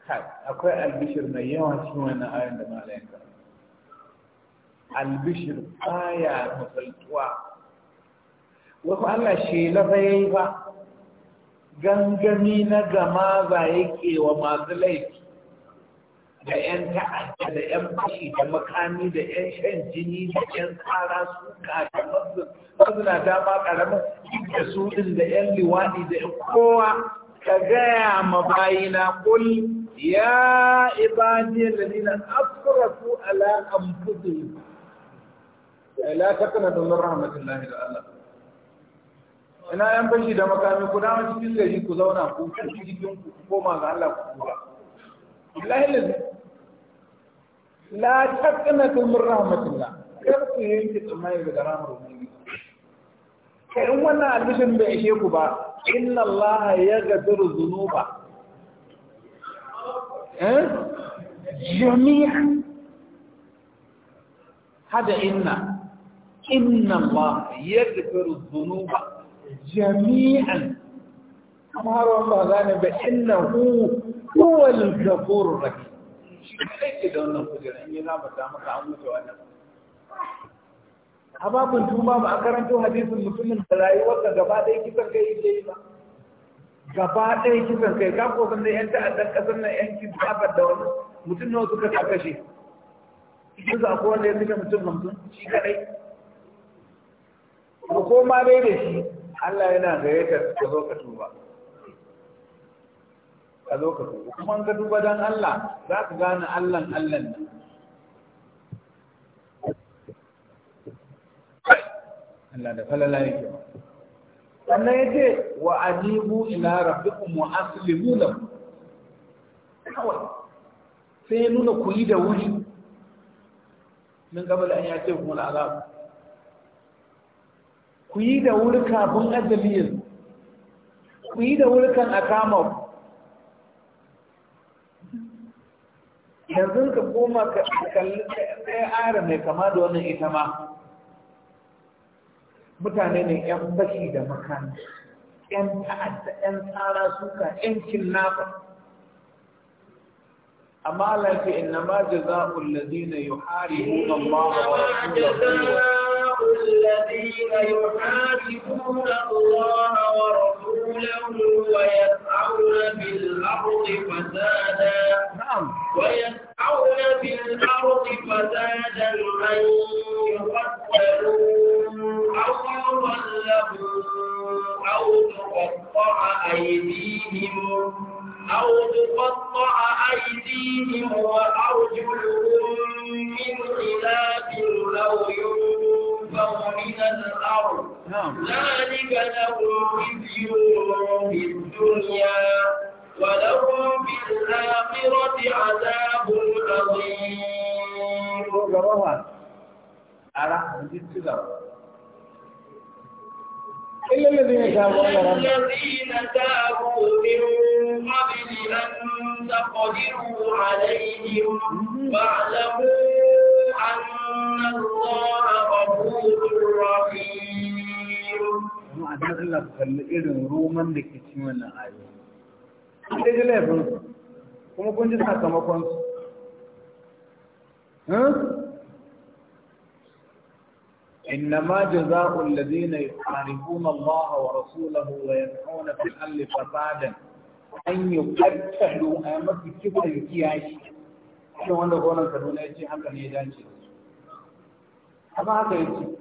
kai akwai albishir mai yawa cikin wannan ayan da malaika albishir baya musaltuwa wasu Allah shi fa yayi ba gangami na gama za yake wa masu laifi da 'yan ta'adda da 'yan fashi da makami da 'yan shan jini da 'yan tsara suka da mazuna dama karamin da su din da 'yan liwaɗi da kowa ka gaya ma bayina kul ya ibadiyar ladina asrafu ala anfusihim eh, la taqnatu min rahmatillahi da Allah ina yan fashi da makami ku dama cikin gari ku zauna ku cikin ku koma ga Allah ku kura الله الذي لا تفتنا كل من رحمة الله كيف تهيك تسمعي بقرام رومي كأمنا ألبسن بأشيكو با إن الله يغفر الذنوب أه؟ جميعا هذا إن إن الله يغفر الذنوب جميعا أمهار الله ذانب إنه huwal gafurur rahim shi kai ke da wannan kujeran ya zama ta maka an wuce wannan a babin tuba ba a karanto hadisin mutumin da rayuwarsa gaba ɗaya kisan kai yake yi ba gaba ɗaya kisan kai ka ko san da yan ta'addan ƙasar na yan kin tsabar da wani mutum nawa suka ta kashe cikin su akwai wanda ya kashe mutum hamsin shi kaɗai ko ma dai da shi Allah yana gayyatar ka zo ka tuba ka lokacin kuma ga duba dan Allah za ka gane Allah Allah ne Allah da falala yake sannan ya ce wa ajibu ila rabbikum wa aslimu lahu kawai sai nuna ku yi da wuri min gabal an ya ce kuma al'azab ku yi da wuri kafin azali yanzu ku yi da wuri kan a kama yanzu ka koma ka kalli ɗaya ara mai kama da wannan ita ma mutane ne 'yan bashi da makami 'yan ta'adda 'yan tsara suka 'yan kinnafa amma Allah ce inna ma jaza'ul ladina yuharibuna Allah wa rasulahu الذين يحاربون الله ورسوله ويسعون في الأرض فسادا نعم ويسعون wà ara àti tìlà. إلا الذين تابوا إلا الذين تابوا من قبل أن تقدروا عليهم فاعلموا أن الله غفور رحيم. ma'anar Allah kalli irin roman da ke ci wannan ayo. انما جزاء الذين يحاربون الله ورسوله ويدعون في الحل فسادا ان يقتلوا امك كبر الكياشي شو وانا قولا سبونا يجي حقا نيجان شيء اما هذا يجي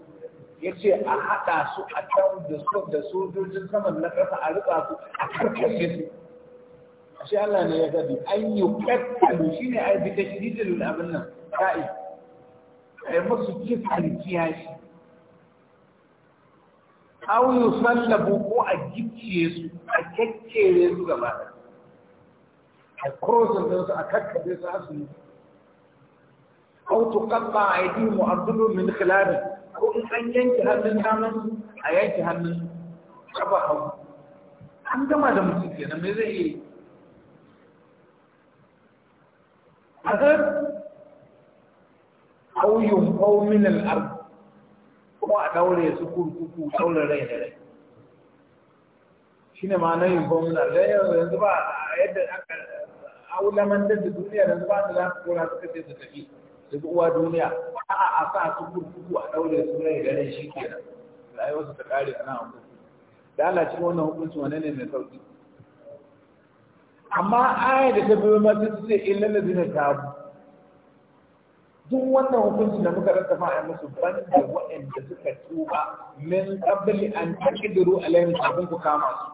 يجي احدا سوء حتى ودسوء دسوء دسوء جنسا من نفسه عدد اسوء اكثر كشيس شاء الله ان يجدي ان يقتلوا شيني اي بتشديد للابنة كائد اي مصر كيف عن الكياشي aw yusallabu ko a gicciye su a kekkere su gaba da a crossing din su a kakkabe su har su yi aw tuqatta aydihim wa arjuluhum min khilaf ko in an yanke hannun daman a yanke hannun kafa hagu an gama da mutum kenan me zai yi a zar aw yunqaw min al ko a daure su kurkuku daure rai da rai shine ma nan gwamna da yanzu ba yadda aka aulaman da duniya yanzu ba da za su kora suka ce su tafi su uwa duniya a a sa su kurkuku a daure su rai da rai shi kenan rayuwar su ta kare a nan a da Allah cikin wannan hukunci wane ne mai sauki amma aya da ta biyo masu ce illal ladina tabu duk wannan hukunci da muka rasa ma'a a musu banda waɗanda suka tuba min qabli an taqdiru alaihim abin ku kama su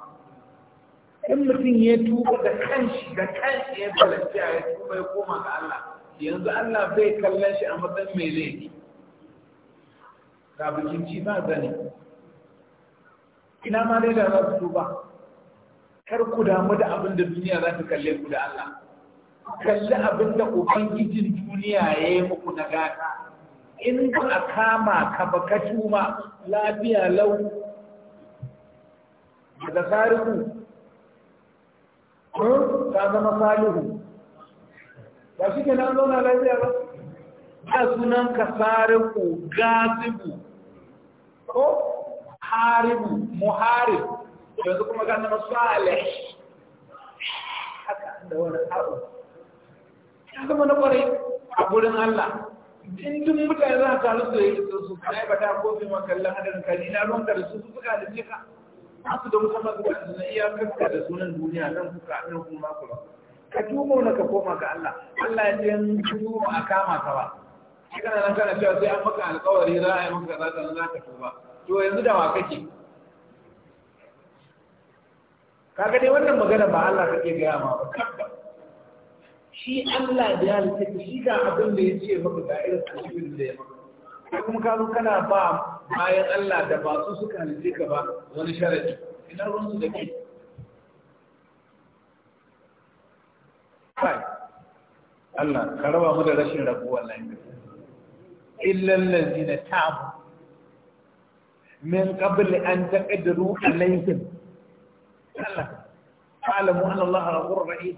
in mutum ya tuba da kanshi da kanshi ya talaci ya tuba ya koma ga Allah yanzu Allah bai kallon shi a matsayin mai laifi ga bikin ci ba zane ina ma dai da za su tuba kar ku damu da abin da duniya za ta kalle ku da Allah kalli abin da ubangijin duniya ya yi muku na gata in ba a kama ka ba ka tuma lafiya lau da sarihu ta zama salihu ba shi ke nan zauna lafiya ba ba sunan ka sarihu gasibu ko haribu muharib yanzu kuma ga na salih haka da wani abu ya zama na kwarai a gurin Allah in duk mutane za ka taru su yi su kai ba ta kofi ma kallon hadarin kaji na ruwan da su suka halice ka su da wuta masu su na iya kaskar da sunan duniya nan kuka nan kuma ku ba ka tuba wani ka koma ga Allah Allah ya ce in tuba a kama ka ba shi kana nan kana cewa sai an maka alƙawari za a yi maka za ka za ka tuba to yanzu da wa kake kaga dai wannan magana ba Allah kake gaya ma ba tabbas shi Allah da ya halitta shi ga abin da ya ce maka ga irin alhibin da ya maka kuma ka zo kana ba bayan Allah da ba su suka halitta ka ba wani sharadi ina ruwan su da ke kai Allah ka raba mu da rashin rabuwa lafiya illal ladina tabu من قبل أن تقدروا عليهم قال لهم allah, الله غفور رحيم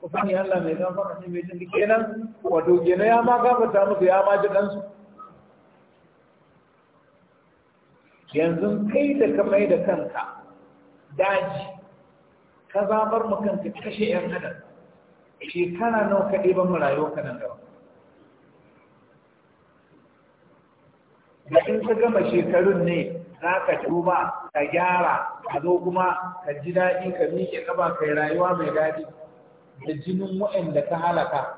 ku Allah mai zama ne mai jinki kenan wato kenan ya ma gafarta musu ya ma ji ɗansu yanzu kai da ka mai da kanka daji ka zabar mu kanka kashe yan adam shekara nawa ka ɗiban mu rayuwa ka nan gaba da in ka gama shekarun ne za ka tuba ka gyara ka zo kuma ka ji daɗi ka miƙe ka kai rayuwa mai daɗi da jinin waɗanda ka halaka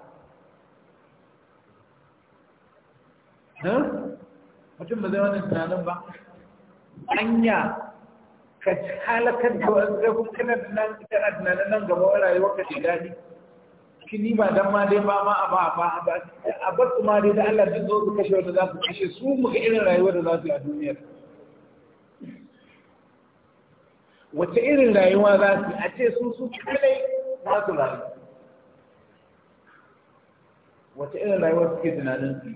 mutum ba zai wani tunanin ba anya ka halakar da wani zafin kana tunanin nan gaba wa rayuwar ka ce daɗi shi ni ba dan ma dai ba ma a ba a ba a ba a ba su ma dai da Allah duk zo su kashe wanda za su kashe su muka irin rayuwar da za su yi a duniyar wace irin rayuwa za su yi? a ce su su kalai za su rayu wace irin rayuwa suke tunanin su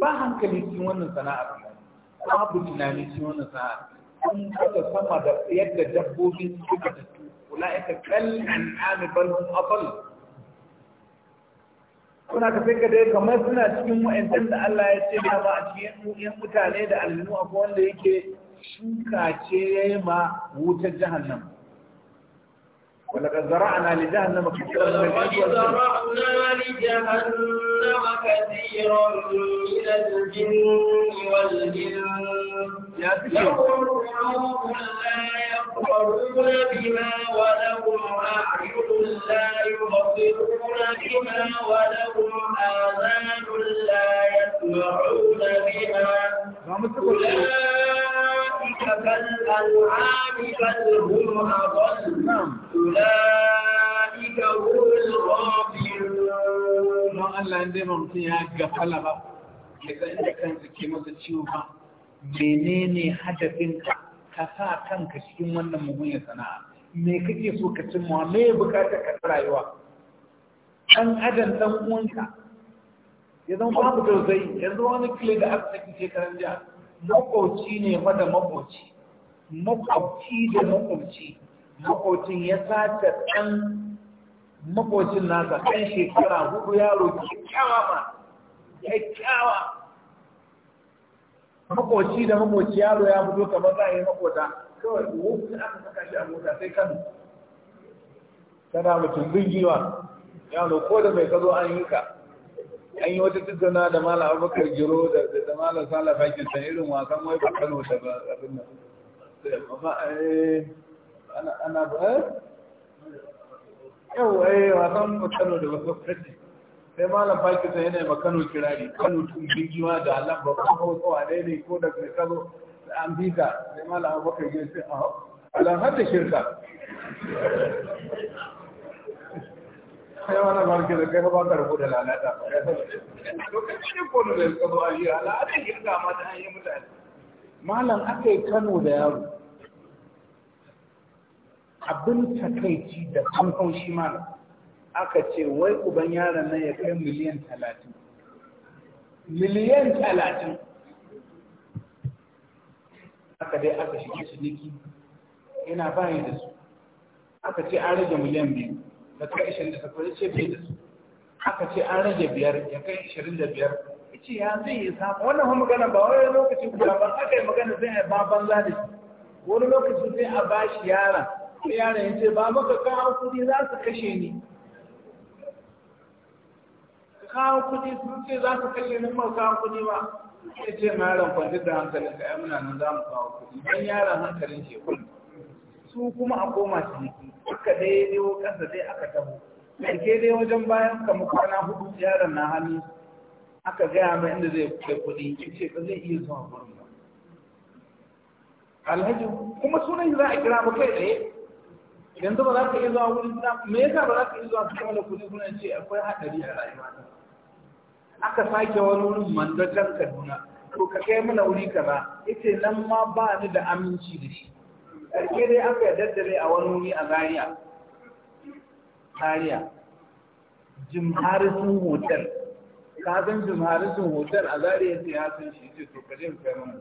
ba hankali cikin wannan sana'ar babu tunani cikin wannan sana'ar sun kasa sama da yadda dabbobin suka tattu ula'ika kal an'ami bal hum adall kuna ka sai ka dai kamar suna cikin wa'ancan da Allah ya ce dama a cikin yan mutane da alinu akwai wanda yake shuka ce yayi ma wutar jahannam ولقد زرعنا لجهنم كثيرا من زرعنا لجهنم كثيرا من الجن والجن لهم لا يفقهون بما ولهم أعين لا يبصرون بما ولهم آذان لا يسمعون بما أولئك كالأنعام بل هم أضل أولئك هم الغافلون Allah dai ba mutum ya gafala ba daga inda kansa ke masa ciwo ba menene hadafinka ka sa kanka cikin wannan mummunan sana'a me kake so ka cimma me ya bukata ka rayuwa dan adam dan uwanka ya zama babu tausayi yanzu wani kile da aka saki shekaran jiya makoci ne wada makoci makoci da makoci makocin ya sace ɗan makocin nasa ɗan shekara hudu yaro kyakkyawa ma kyakkyawa makoci da makoci yaro ya fito kamar za a yi makota kawai wofi aka saka shi a mota sai kanu tana mutum zungiwa yaro ko da mai ka an yi ka an yi wata tattauna da malam abubakar giro da malam sala fakin san irin wasan wai ba kano da ba abin nan eh, ana ba eh? yau eh wasan ba kano da ba kwakwati sai malam fakin san yana ma kano kirari kano tun jirgiwa da allah ba ko wasu wane ne ko da kai kazo da an bi sai malam abubakar giro sai a hau alam shirka kai wani barke da kai ba ka rubu da lalata ba lokacin ne ko da ka zo ayi al'adar girga ma da an yi mutane malam aka yi kano da yaro abin takaici da kamfan shi malam aka ce wai uban yaron nan ya kai miliyan talatin miliyan talatin aka dai aka shige ciniki yana bayan da su aka ce an rage miliyan biyu da kai ishirin da takwas ce bai da su aka ce an rage biyar ya kai ishirin da biyar ya ce ya zai yi samu wannan kuma magana ba wani lokaci guda ba aka yi magana zai yi ba banza da shi wani lokaci zai a ba shi yaron ko yaron ya ce ba maka kawo kuɗi za su kashe ni kawo kuɗi sun ce za su kashe ni ba kawo kuɗi ba sai ce ma yaron kwanci da hankalin ka ai muna nan za mu kawo kuɗi dan yaron hankalin shi su kuma a koma su ne haka daidai kansa dai aka taho ke dai wajen bayan kama kwana hudu yaron na hannu aka gaya mai inda zai kai kuɗi in ce ba zai iya zuwa gurin ba alhaji kuma sunan za a kira mu kai tsaye yanzu ba za ka iya zuwa wurin suna me yasa ba za ka iya zuwa su kamala kuɗi suna ce akwai haɗari a rayuwa aka sake wani wurin mandatar kaduna to ka kai mana wuri kaza ce nan ma ba ni da aminci da shi ƙarfi dai aka daddare a wani wuri a zariya zariya jim harisun hotel ka san jim harisun hotel a zariya sai ya san shi ce to kaje mu kai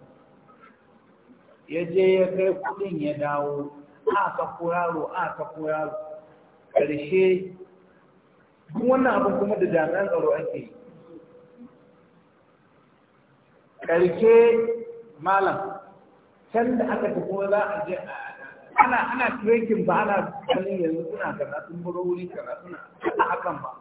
ya je ya kai kudin ya dawo a ka kuraro a ka kuraro ƙarshe duk wannan abin kuma da jami'an tsaro ake yi ƙarshe malam can da aka tafi za a je ana ana tracking ba ana ganin yanzu suna kaza sun buro wuri kaza suna a hakan ba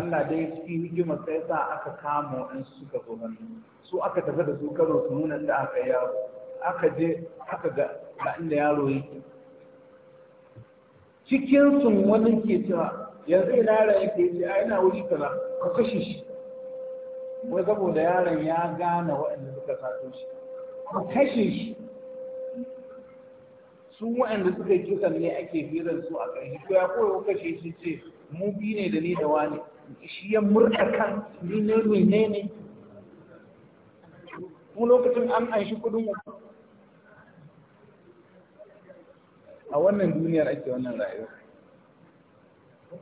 Allah dai cikin hikima sai sa aka kama in suka zo hannu su aka tafi da su karo su nuna da aka yaro aka je aka ga ga inda yaro yake cikin sun wani ke cewa yanzu ina yaron yake ce a ina wuri kaza ka kashe shi wai saboda yaron ya gane waɗanda suka sato shi ku kashe shi su waɗanda suka yi kisan ne ake hirar su a ƙarshe ko ya koyo kashe shi ce mu bi ne da ni da wani shi ya murta kan ni ne ne ne mu lokacin an an shi kudin a wannan duniyar ake wannan rayuwa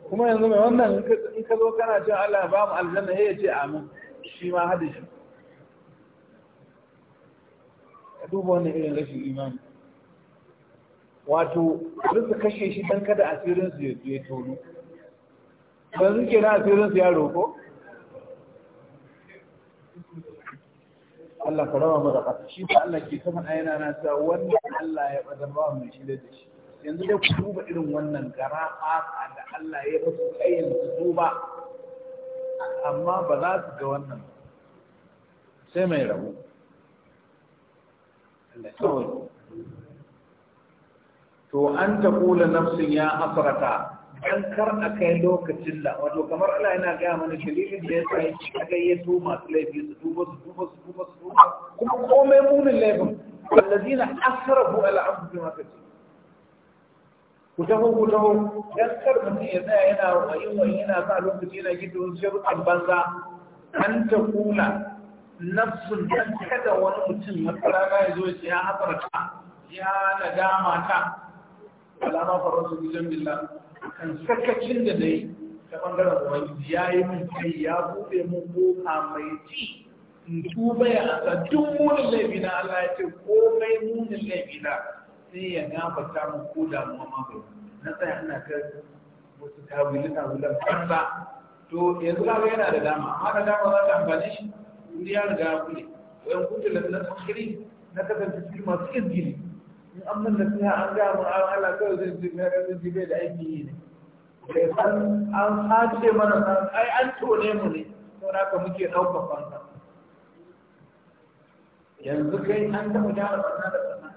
kuma yanzu mai wannan in ka zo kana cin Allah ba mu aljanna ya ce amin shi ma hadisi duba wannan irin rashin imani wato su kashe shi don kada asirinsu ya ya tono don suke na asirinsu ya roko Allah ka rama mu da ƙasa shi ba Allah ke saman ayyana na sa wannan Allah ya ɓadar ba mai shi da shi yanzu dai ku duba irin wannan gara fata da Allah ya su kayan su duba amma ba za su ga wannan sai mai rabu to an ta kula nafsin ya asarata an kar a kai lokacin da wato kamar Allah yana gaya mana dalilin da ya sa ya ci aka yi to masu laifi su tuba su tuba su tuba su tuba kuma komai munin laifin wallazina asrafu ala anfusihim haka ce ku taho ku taho dan kar mutum ya tsaya yana wayin wayin yana sa lokaci yana gidan shirin banza an ta kula nafsun dan kada wani mutum na rana ya zo ya ya hasarta ya nadama ta alama faru su bijan billa kan sakacin da dai ta bangaren ubangiji ya yi min kai ya bude mun boka mai ci in tuba ya asa duk munin laifi na Allah ya ce komai munin laifi na sai ya gafarta mu ko damuwa ma bai na sai ina ka wasu tawilin tawilin kansa to yanzu kaga yana da dama amma da dama za ta amfani shi wuri ya riga ya kule wayan kuta da na tsakiri na kasance cikin masu izgili in an manna suna an gaya mu an ala kawai zai ji na ɗan zai bai da aiki ne kai san an sace mana san ai an tone mu ne sau da haka muke ɗaukar fansa yanzu kai an taɓa gyara ɓarna da ɓarna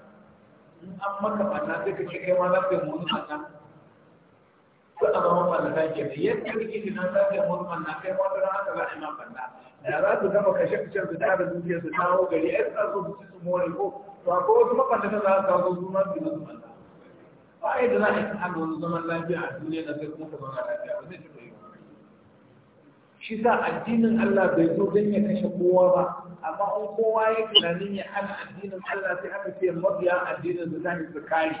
in an maka ɓarna sai ka ce kai ma za ka yi mu wani ɓarna ko a zaman ke nan za ka na kai za a yi da za su gama kashe kashen su tara gari su ci su ko wasu su za a wani zaman lafiya a duniya lafiya ba zai yi shi sa addinin Allah bai zo don ya kashe kowa ba amma in kowa ya tunanin ya hana addinin Allah sai aka ce mabiya addinin da za su kare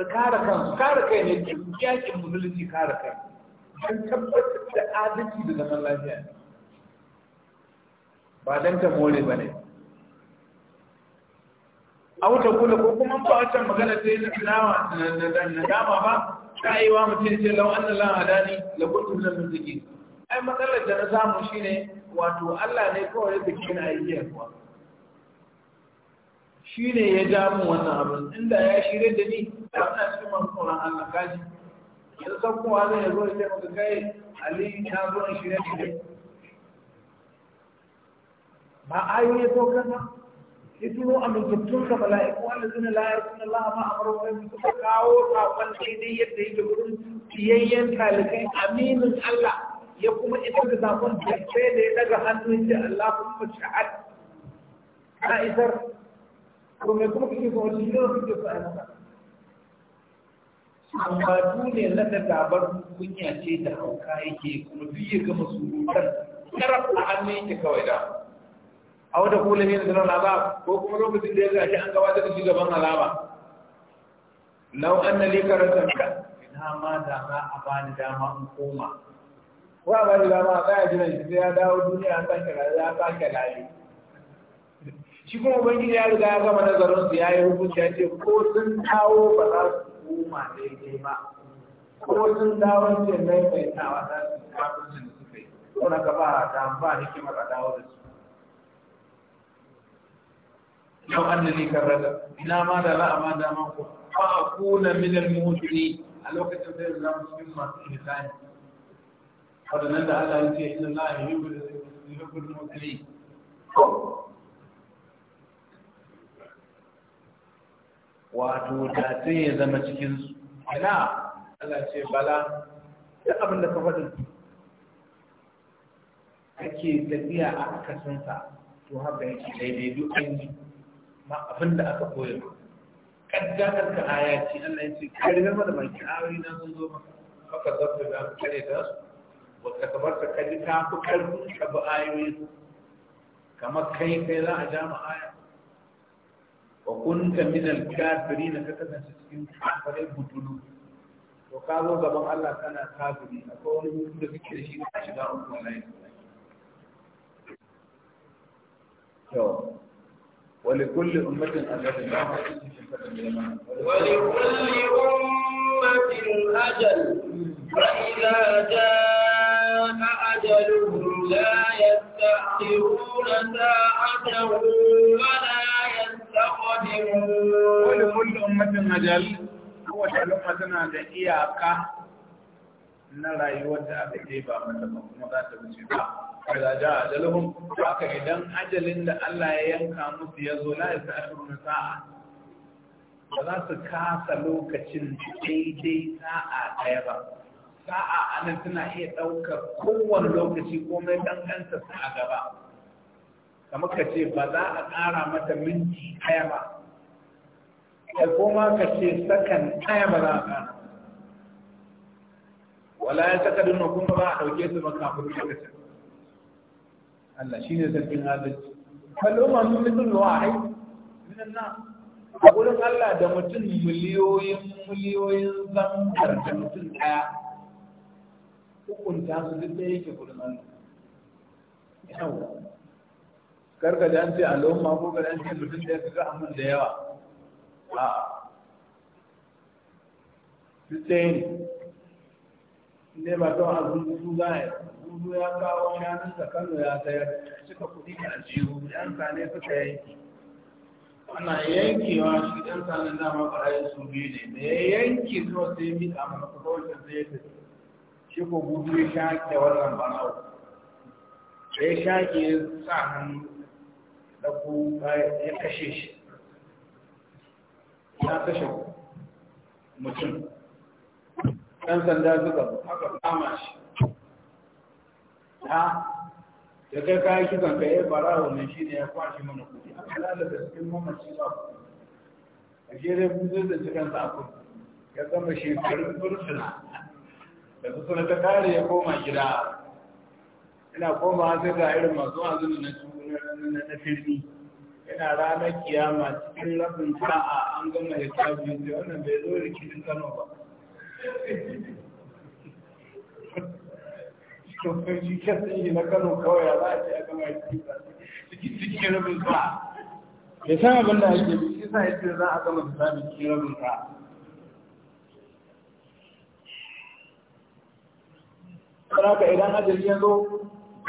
su kare kansu kare kai ne ke yakin musulunci kare kai don tabbatar da adalci da zaman lafiya ba don ta more ba ne a wuta kula ko kuma ba a can magana ta yi na filawa na dama ba ta yi wa mutum ce lau an lalata hadani da kuntum na mutuki ai matsalar da na samu shine wato allah ne kawai da ke na aiki kuwa shi ne ya ja mu wannan abin inda ya shirya da ni da wannan cikin masu Allah kaji yanzu san kowa zai zo ya taimaka kai ali ta zo in shirya da kai ba ayoyi ko kaza itinu amintattun ka mala'iku wanda zina layar suna Allah ma amaru wani suka kawo sakon daidai yadda yake wurin siyayyen talibai aminin Allah ya kuma isar da sakon da sai da ya daga hannun da Allah kuma shahad na isar to me kuma kike so wani yau kike so ai maka amma dole na da gabar kunya ce da hauka yake kuma duk ya gama surutan taraf a hannun yake kawai da a wata kula ne da nan azab ko kuma lokacin da ya gashi an gaba da shi gaban alama? lau an na lekar tanka ina ma da ma a bani dama in koma ko a bani dama a tsaya jiran shi sai ya dawo duniya an sake rayuwa an sake rayuwa shi kuma ubangiji ya riga ya gama nazarin su ya yi hukunci ya ce ko sun dawo ba za su koma daidai ba ko sun dawo ce mai mai tawa za su su da su yi ko na gaba da ba hikimar a dawo da su yau an da ni karrata ina ma da la'a da man ku fa a kuna minal mutuni a lokacin da za mu cikin masu ihsani wadannan da Allah ya ce inna inna ilaihi raji'un wato da sai ya zama cikin su ina Allah ce bala duk abin da ka faɗin kake tafiya a akasin sa to haka yake daidai duk an yi ma abin da aka koya ma kaddatar ka aya ce Allah ya ce karbi mana mai kawai na sun zo maka maka zabta da aka kare da su wata kamar ta kaji ta fi karfin ka bi ayoyi kamar kai kai za a ja ma aya وكنت من الكافرين فكنا سكين كافرين بدلو وقالوا طبعا الله كان كافري أقول لهم ذكر شيء أشداء ولا ولكل أمة أجل ولكل أمة أجل فإذا جاء أجلهم لا يستأخرون ساعة ولا قادرون قل كل أمة أجل هو تعلم تنا da iyaka na rayuwar da aka ke ba mata ba kuma za ta wuce ba kaza ja ajaluhum haka idan ajalin da Allah ya yanka musu ya zo la yasa'una sa'a ba za su kasa lokacin daidai sa'a ɗaya ba sa'a anan tana iya ɗaukar kowane lokaci komai ɗan ɗansa a gaba da muka ce ba za a ƙara mata minti ɗaya ba da kuma ka ce sakan ɗaya ba za a ƙara wala ya saka duna kuma ba a ɗauke su ba kafin lokacin Allah shi ne sarkin adalci kaloma mun mutum wa'ai minan na a wurin Allah da mutum miliyoyin miliyoyin zantar da mutum ɗaya hukunta su duk da yake gudun Allah. Yawwa. karka da an ce al'umma ko ka da an ce mutum da ya fi abin da yawa a duk ne ne ba don abin su zai a ya kawo shanun da kano ya sayar suka kuɗi da aljihu yan sane suka yanki ana yankewa shi ɗan sanin dama ba yi su biyu ne da ya yanki zuwa sai mi a mamakon sai zai tafi shi ko gudu ya shaƙe wannan banau da ya shaƙe sa hannu ɗauko ya kashe shi ya kashe mutum ɗan sanda suka aka kama shi ha da kai kayan kisan ka yi fara wannan shi ne ya kwashe mana kudi aka lalata cikin mamaci ba a shirin kudin da cikin zafin ya zama shekarun tursuna da su suna ta kare ya koma gida ina koma sai ga irin masu wa'azin na na firni ina ranar kiyama cikin rabin sa'a an gama ya tafi sai wannan bai zo rikicin Kano ba to kai shi kasan shi na Kano kawai a za a ce a gama cikin cikin rabin sa'a ya san abin da ake bi shi sa yace za a gama hisabi cikin rabin sa'a ka idan ajali ya zo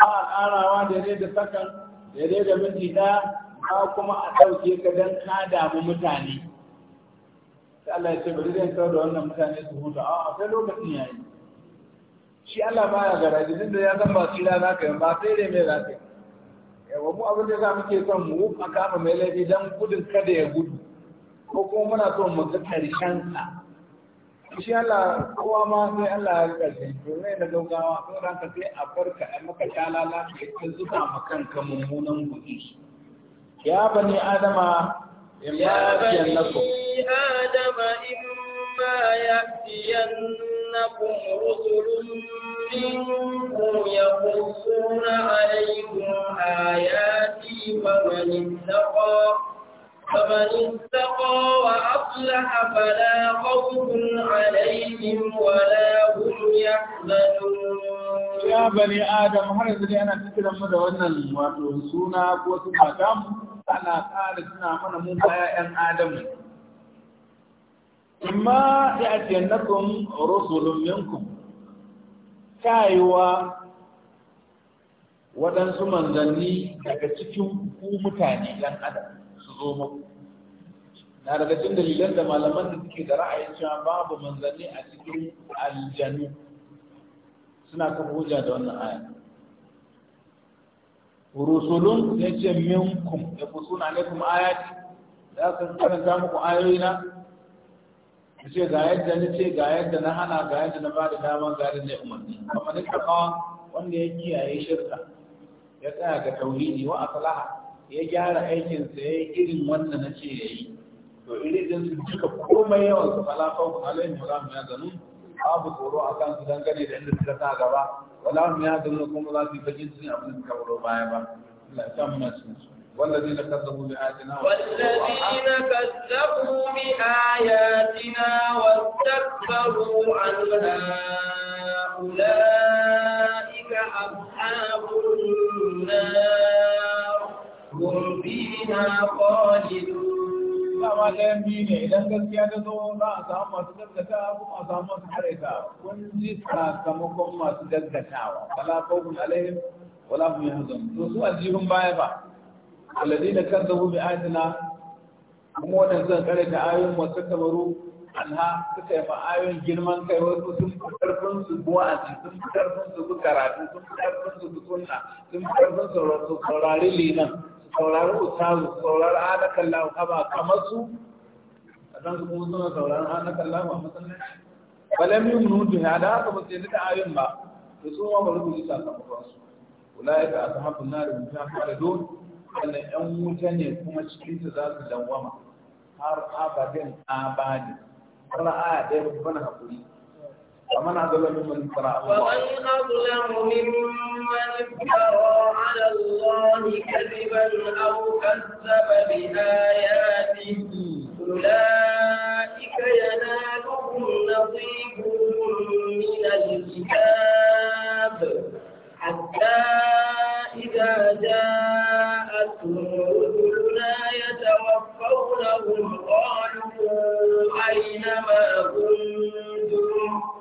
ba a ƙarawa daidai da sakan dai-dai da minti ɗaya ba kuma a ɗauke ka don ka damu mutane sai Allah ya ce bari zan kawo da wannan mutane su huta a akwai lokacin ya yi. shi Allah ba ya garaji da ya san ba tsira za ka yi ba sai dai mai za ka yi yawa mu abin da za mu ke son mu a kama mai laifi don gudun kada ya gudu ko kuma muna son mu ga karshen sa shi Allah kowa ma sai Allah ya karshe to ne da gaugawa ko ran ka sai a farka a maka talala ka zuba ma kanka mummunan gudu ya bani adama ya bani adama imma ya'tiyannakum rusulun minkum yaqussuna alaykum ayati fa man ittaqa فمن استقى وأصلح فلا خوف عليهم ولا هم يحزنون ya bani Adam har yanzu dai ana cikin mu da wannan wato suna ko suna dam ana kare suna mana mun baya ƴan Adam imma ya tiyannakum rusulun minkum kaiwa waɗansu manzanni daga cikin ku mutane ƴan Adam su zo muku na daga cikin dalilan da malaman da suke da ra'ayin cewa babu manzanni a cikin aljanu suna kafa hujja da wannan aya rusulun ya ce minkum ya ne kuma ayati da aka karanta muku na? ya ce ga yadda na ce ga yadda na hana ga yadda na ba da dama ga yadda na umarni amma ni kawa wanda ya kiyaye shirka ya tsaya ga tauhidi wa asalaha ya gyara aikinsa ya yi irin wannan na ce ya yi to iri din su duka komai yawan su fala fawqu alaihim wala hum yazanun babu tsoro a kan su dangane da inda suka ta gaba wala hum yazanun kuma za su yi bakin cikin abin da suka wuro baya ba Allah ya samu nasu والذين كذبوا بآياتنا والذين كذبوا بآياتنا واستكبروا عنها أولئك أصحاب النار هم فيها خالدون dama ɗayan biyu ne idan gaskiya ta zo za a samu masu daggata kuma a samu masu harita kun ji sakamakon masu daggatawa wala kawun alaihim wala kuma hum yahzun to su aljihun baya ba alladina kazzabu bi ayatina kuma wadannan karanta ayoyin wasu tabaru anha suka yi ma'ayoyin girman kai wasu sun fi karfin su buwa'azi sun fi karfin su karatu sun fi karfin su su sunna sun fi karfin su saurari liman saurari ustazu saurari anakan lahu kama kamar su a san su kuma suna saurari anakan lahu a ba balam yin nudu ya da haka ba sai da ayin ba da su ma ba rubuta sakamakon su ulai ka ashabun da mun ta fara don wannan yan wuta ne kuma cikin ta za su dawwama har abadin abadi wala aya da ya bana hakuri ومن أظلم ممن افترى ومن أظلم ممن افترى على الله كذبا أو كذب بآياته أولئك ينالهم نصيبهم من الكتاب حتى إذا جاءتهم رسلنا يتوفونهم قالوا أين ما كنتم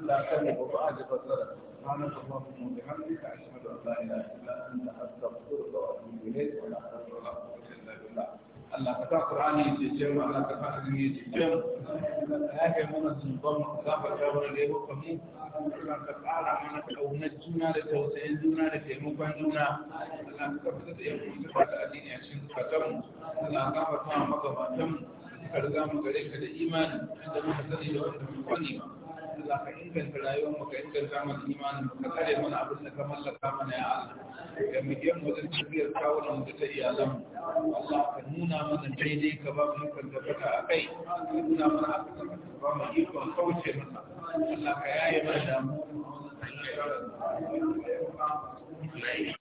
لا كذب وعجب الزلف سبحانك اللهم وبحمدك اشهد ان لا اله الا انت استغفرك واتوب اليك ولا حول ولا قوه الا بالله Allah ka sa Qur'ani ya ce cewa Allah ka sa ilimi ya ce cewa ya ke mana zunuban mu za ka ga wani da ya baka mu Allah ka tsara mana kaunar juna da tausayin juna da taimakon juna Allah ka tabbata da yan kuma ba da addini a cikin zukatan mu Allah ka fata maka matan mu ka riga mu gare ka da imani da muka sani da wanda mu sani ba Allah ka inganta rayuwar mu ka inganta mana imanin mu ka kare mana abin da ka mallaka mana ya Allah da mu mu zan tafiyar kawo mu da ta iyalan mu Allah ka nuna mana daidai ka ba mu da tabbata a kai ka nuna mana haka ka ba mu ikon kauce masa Allah ka yaye mana damu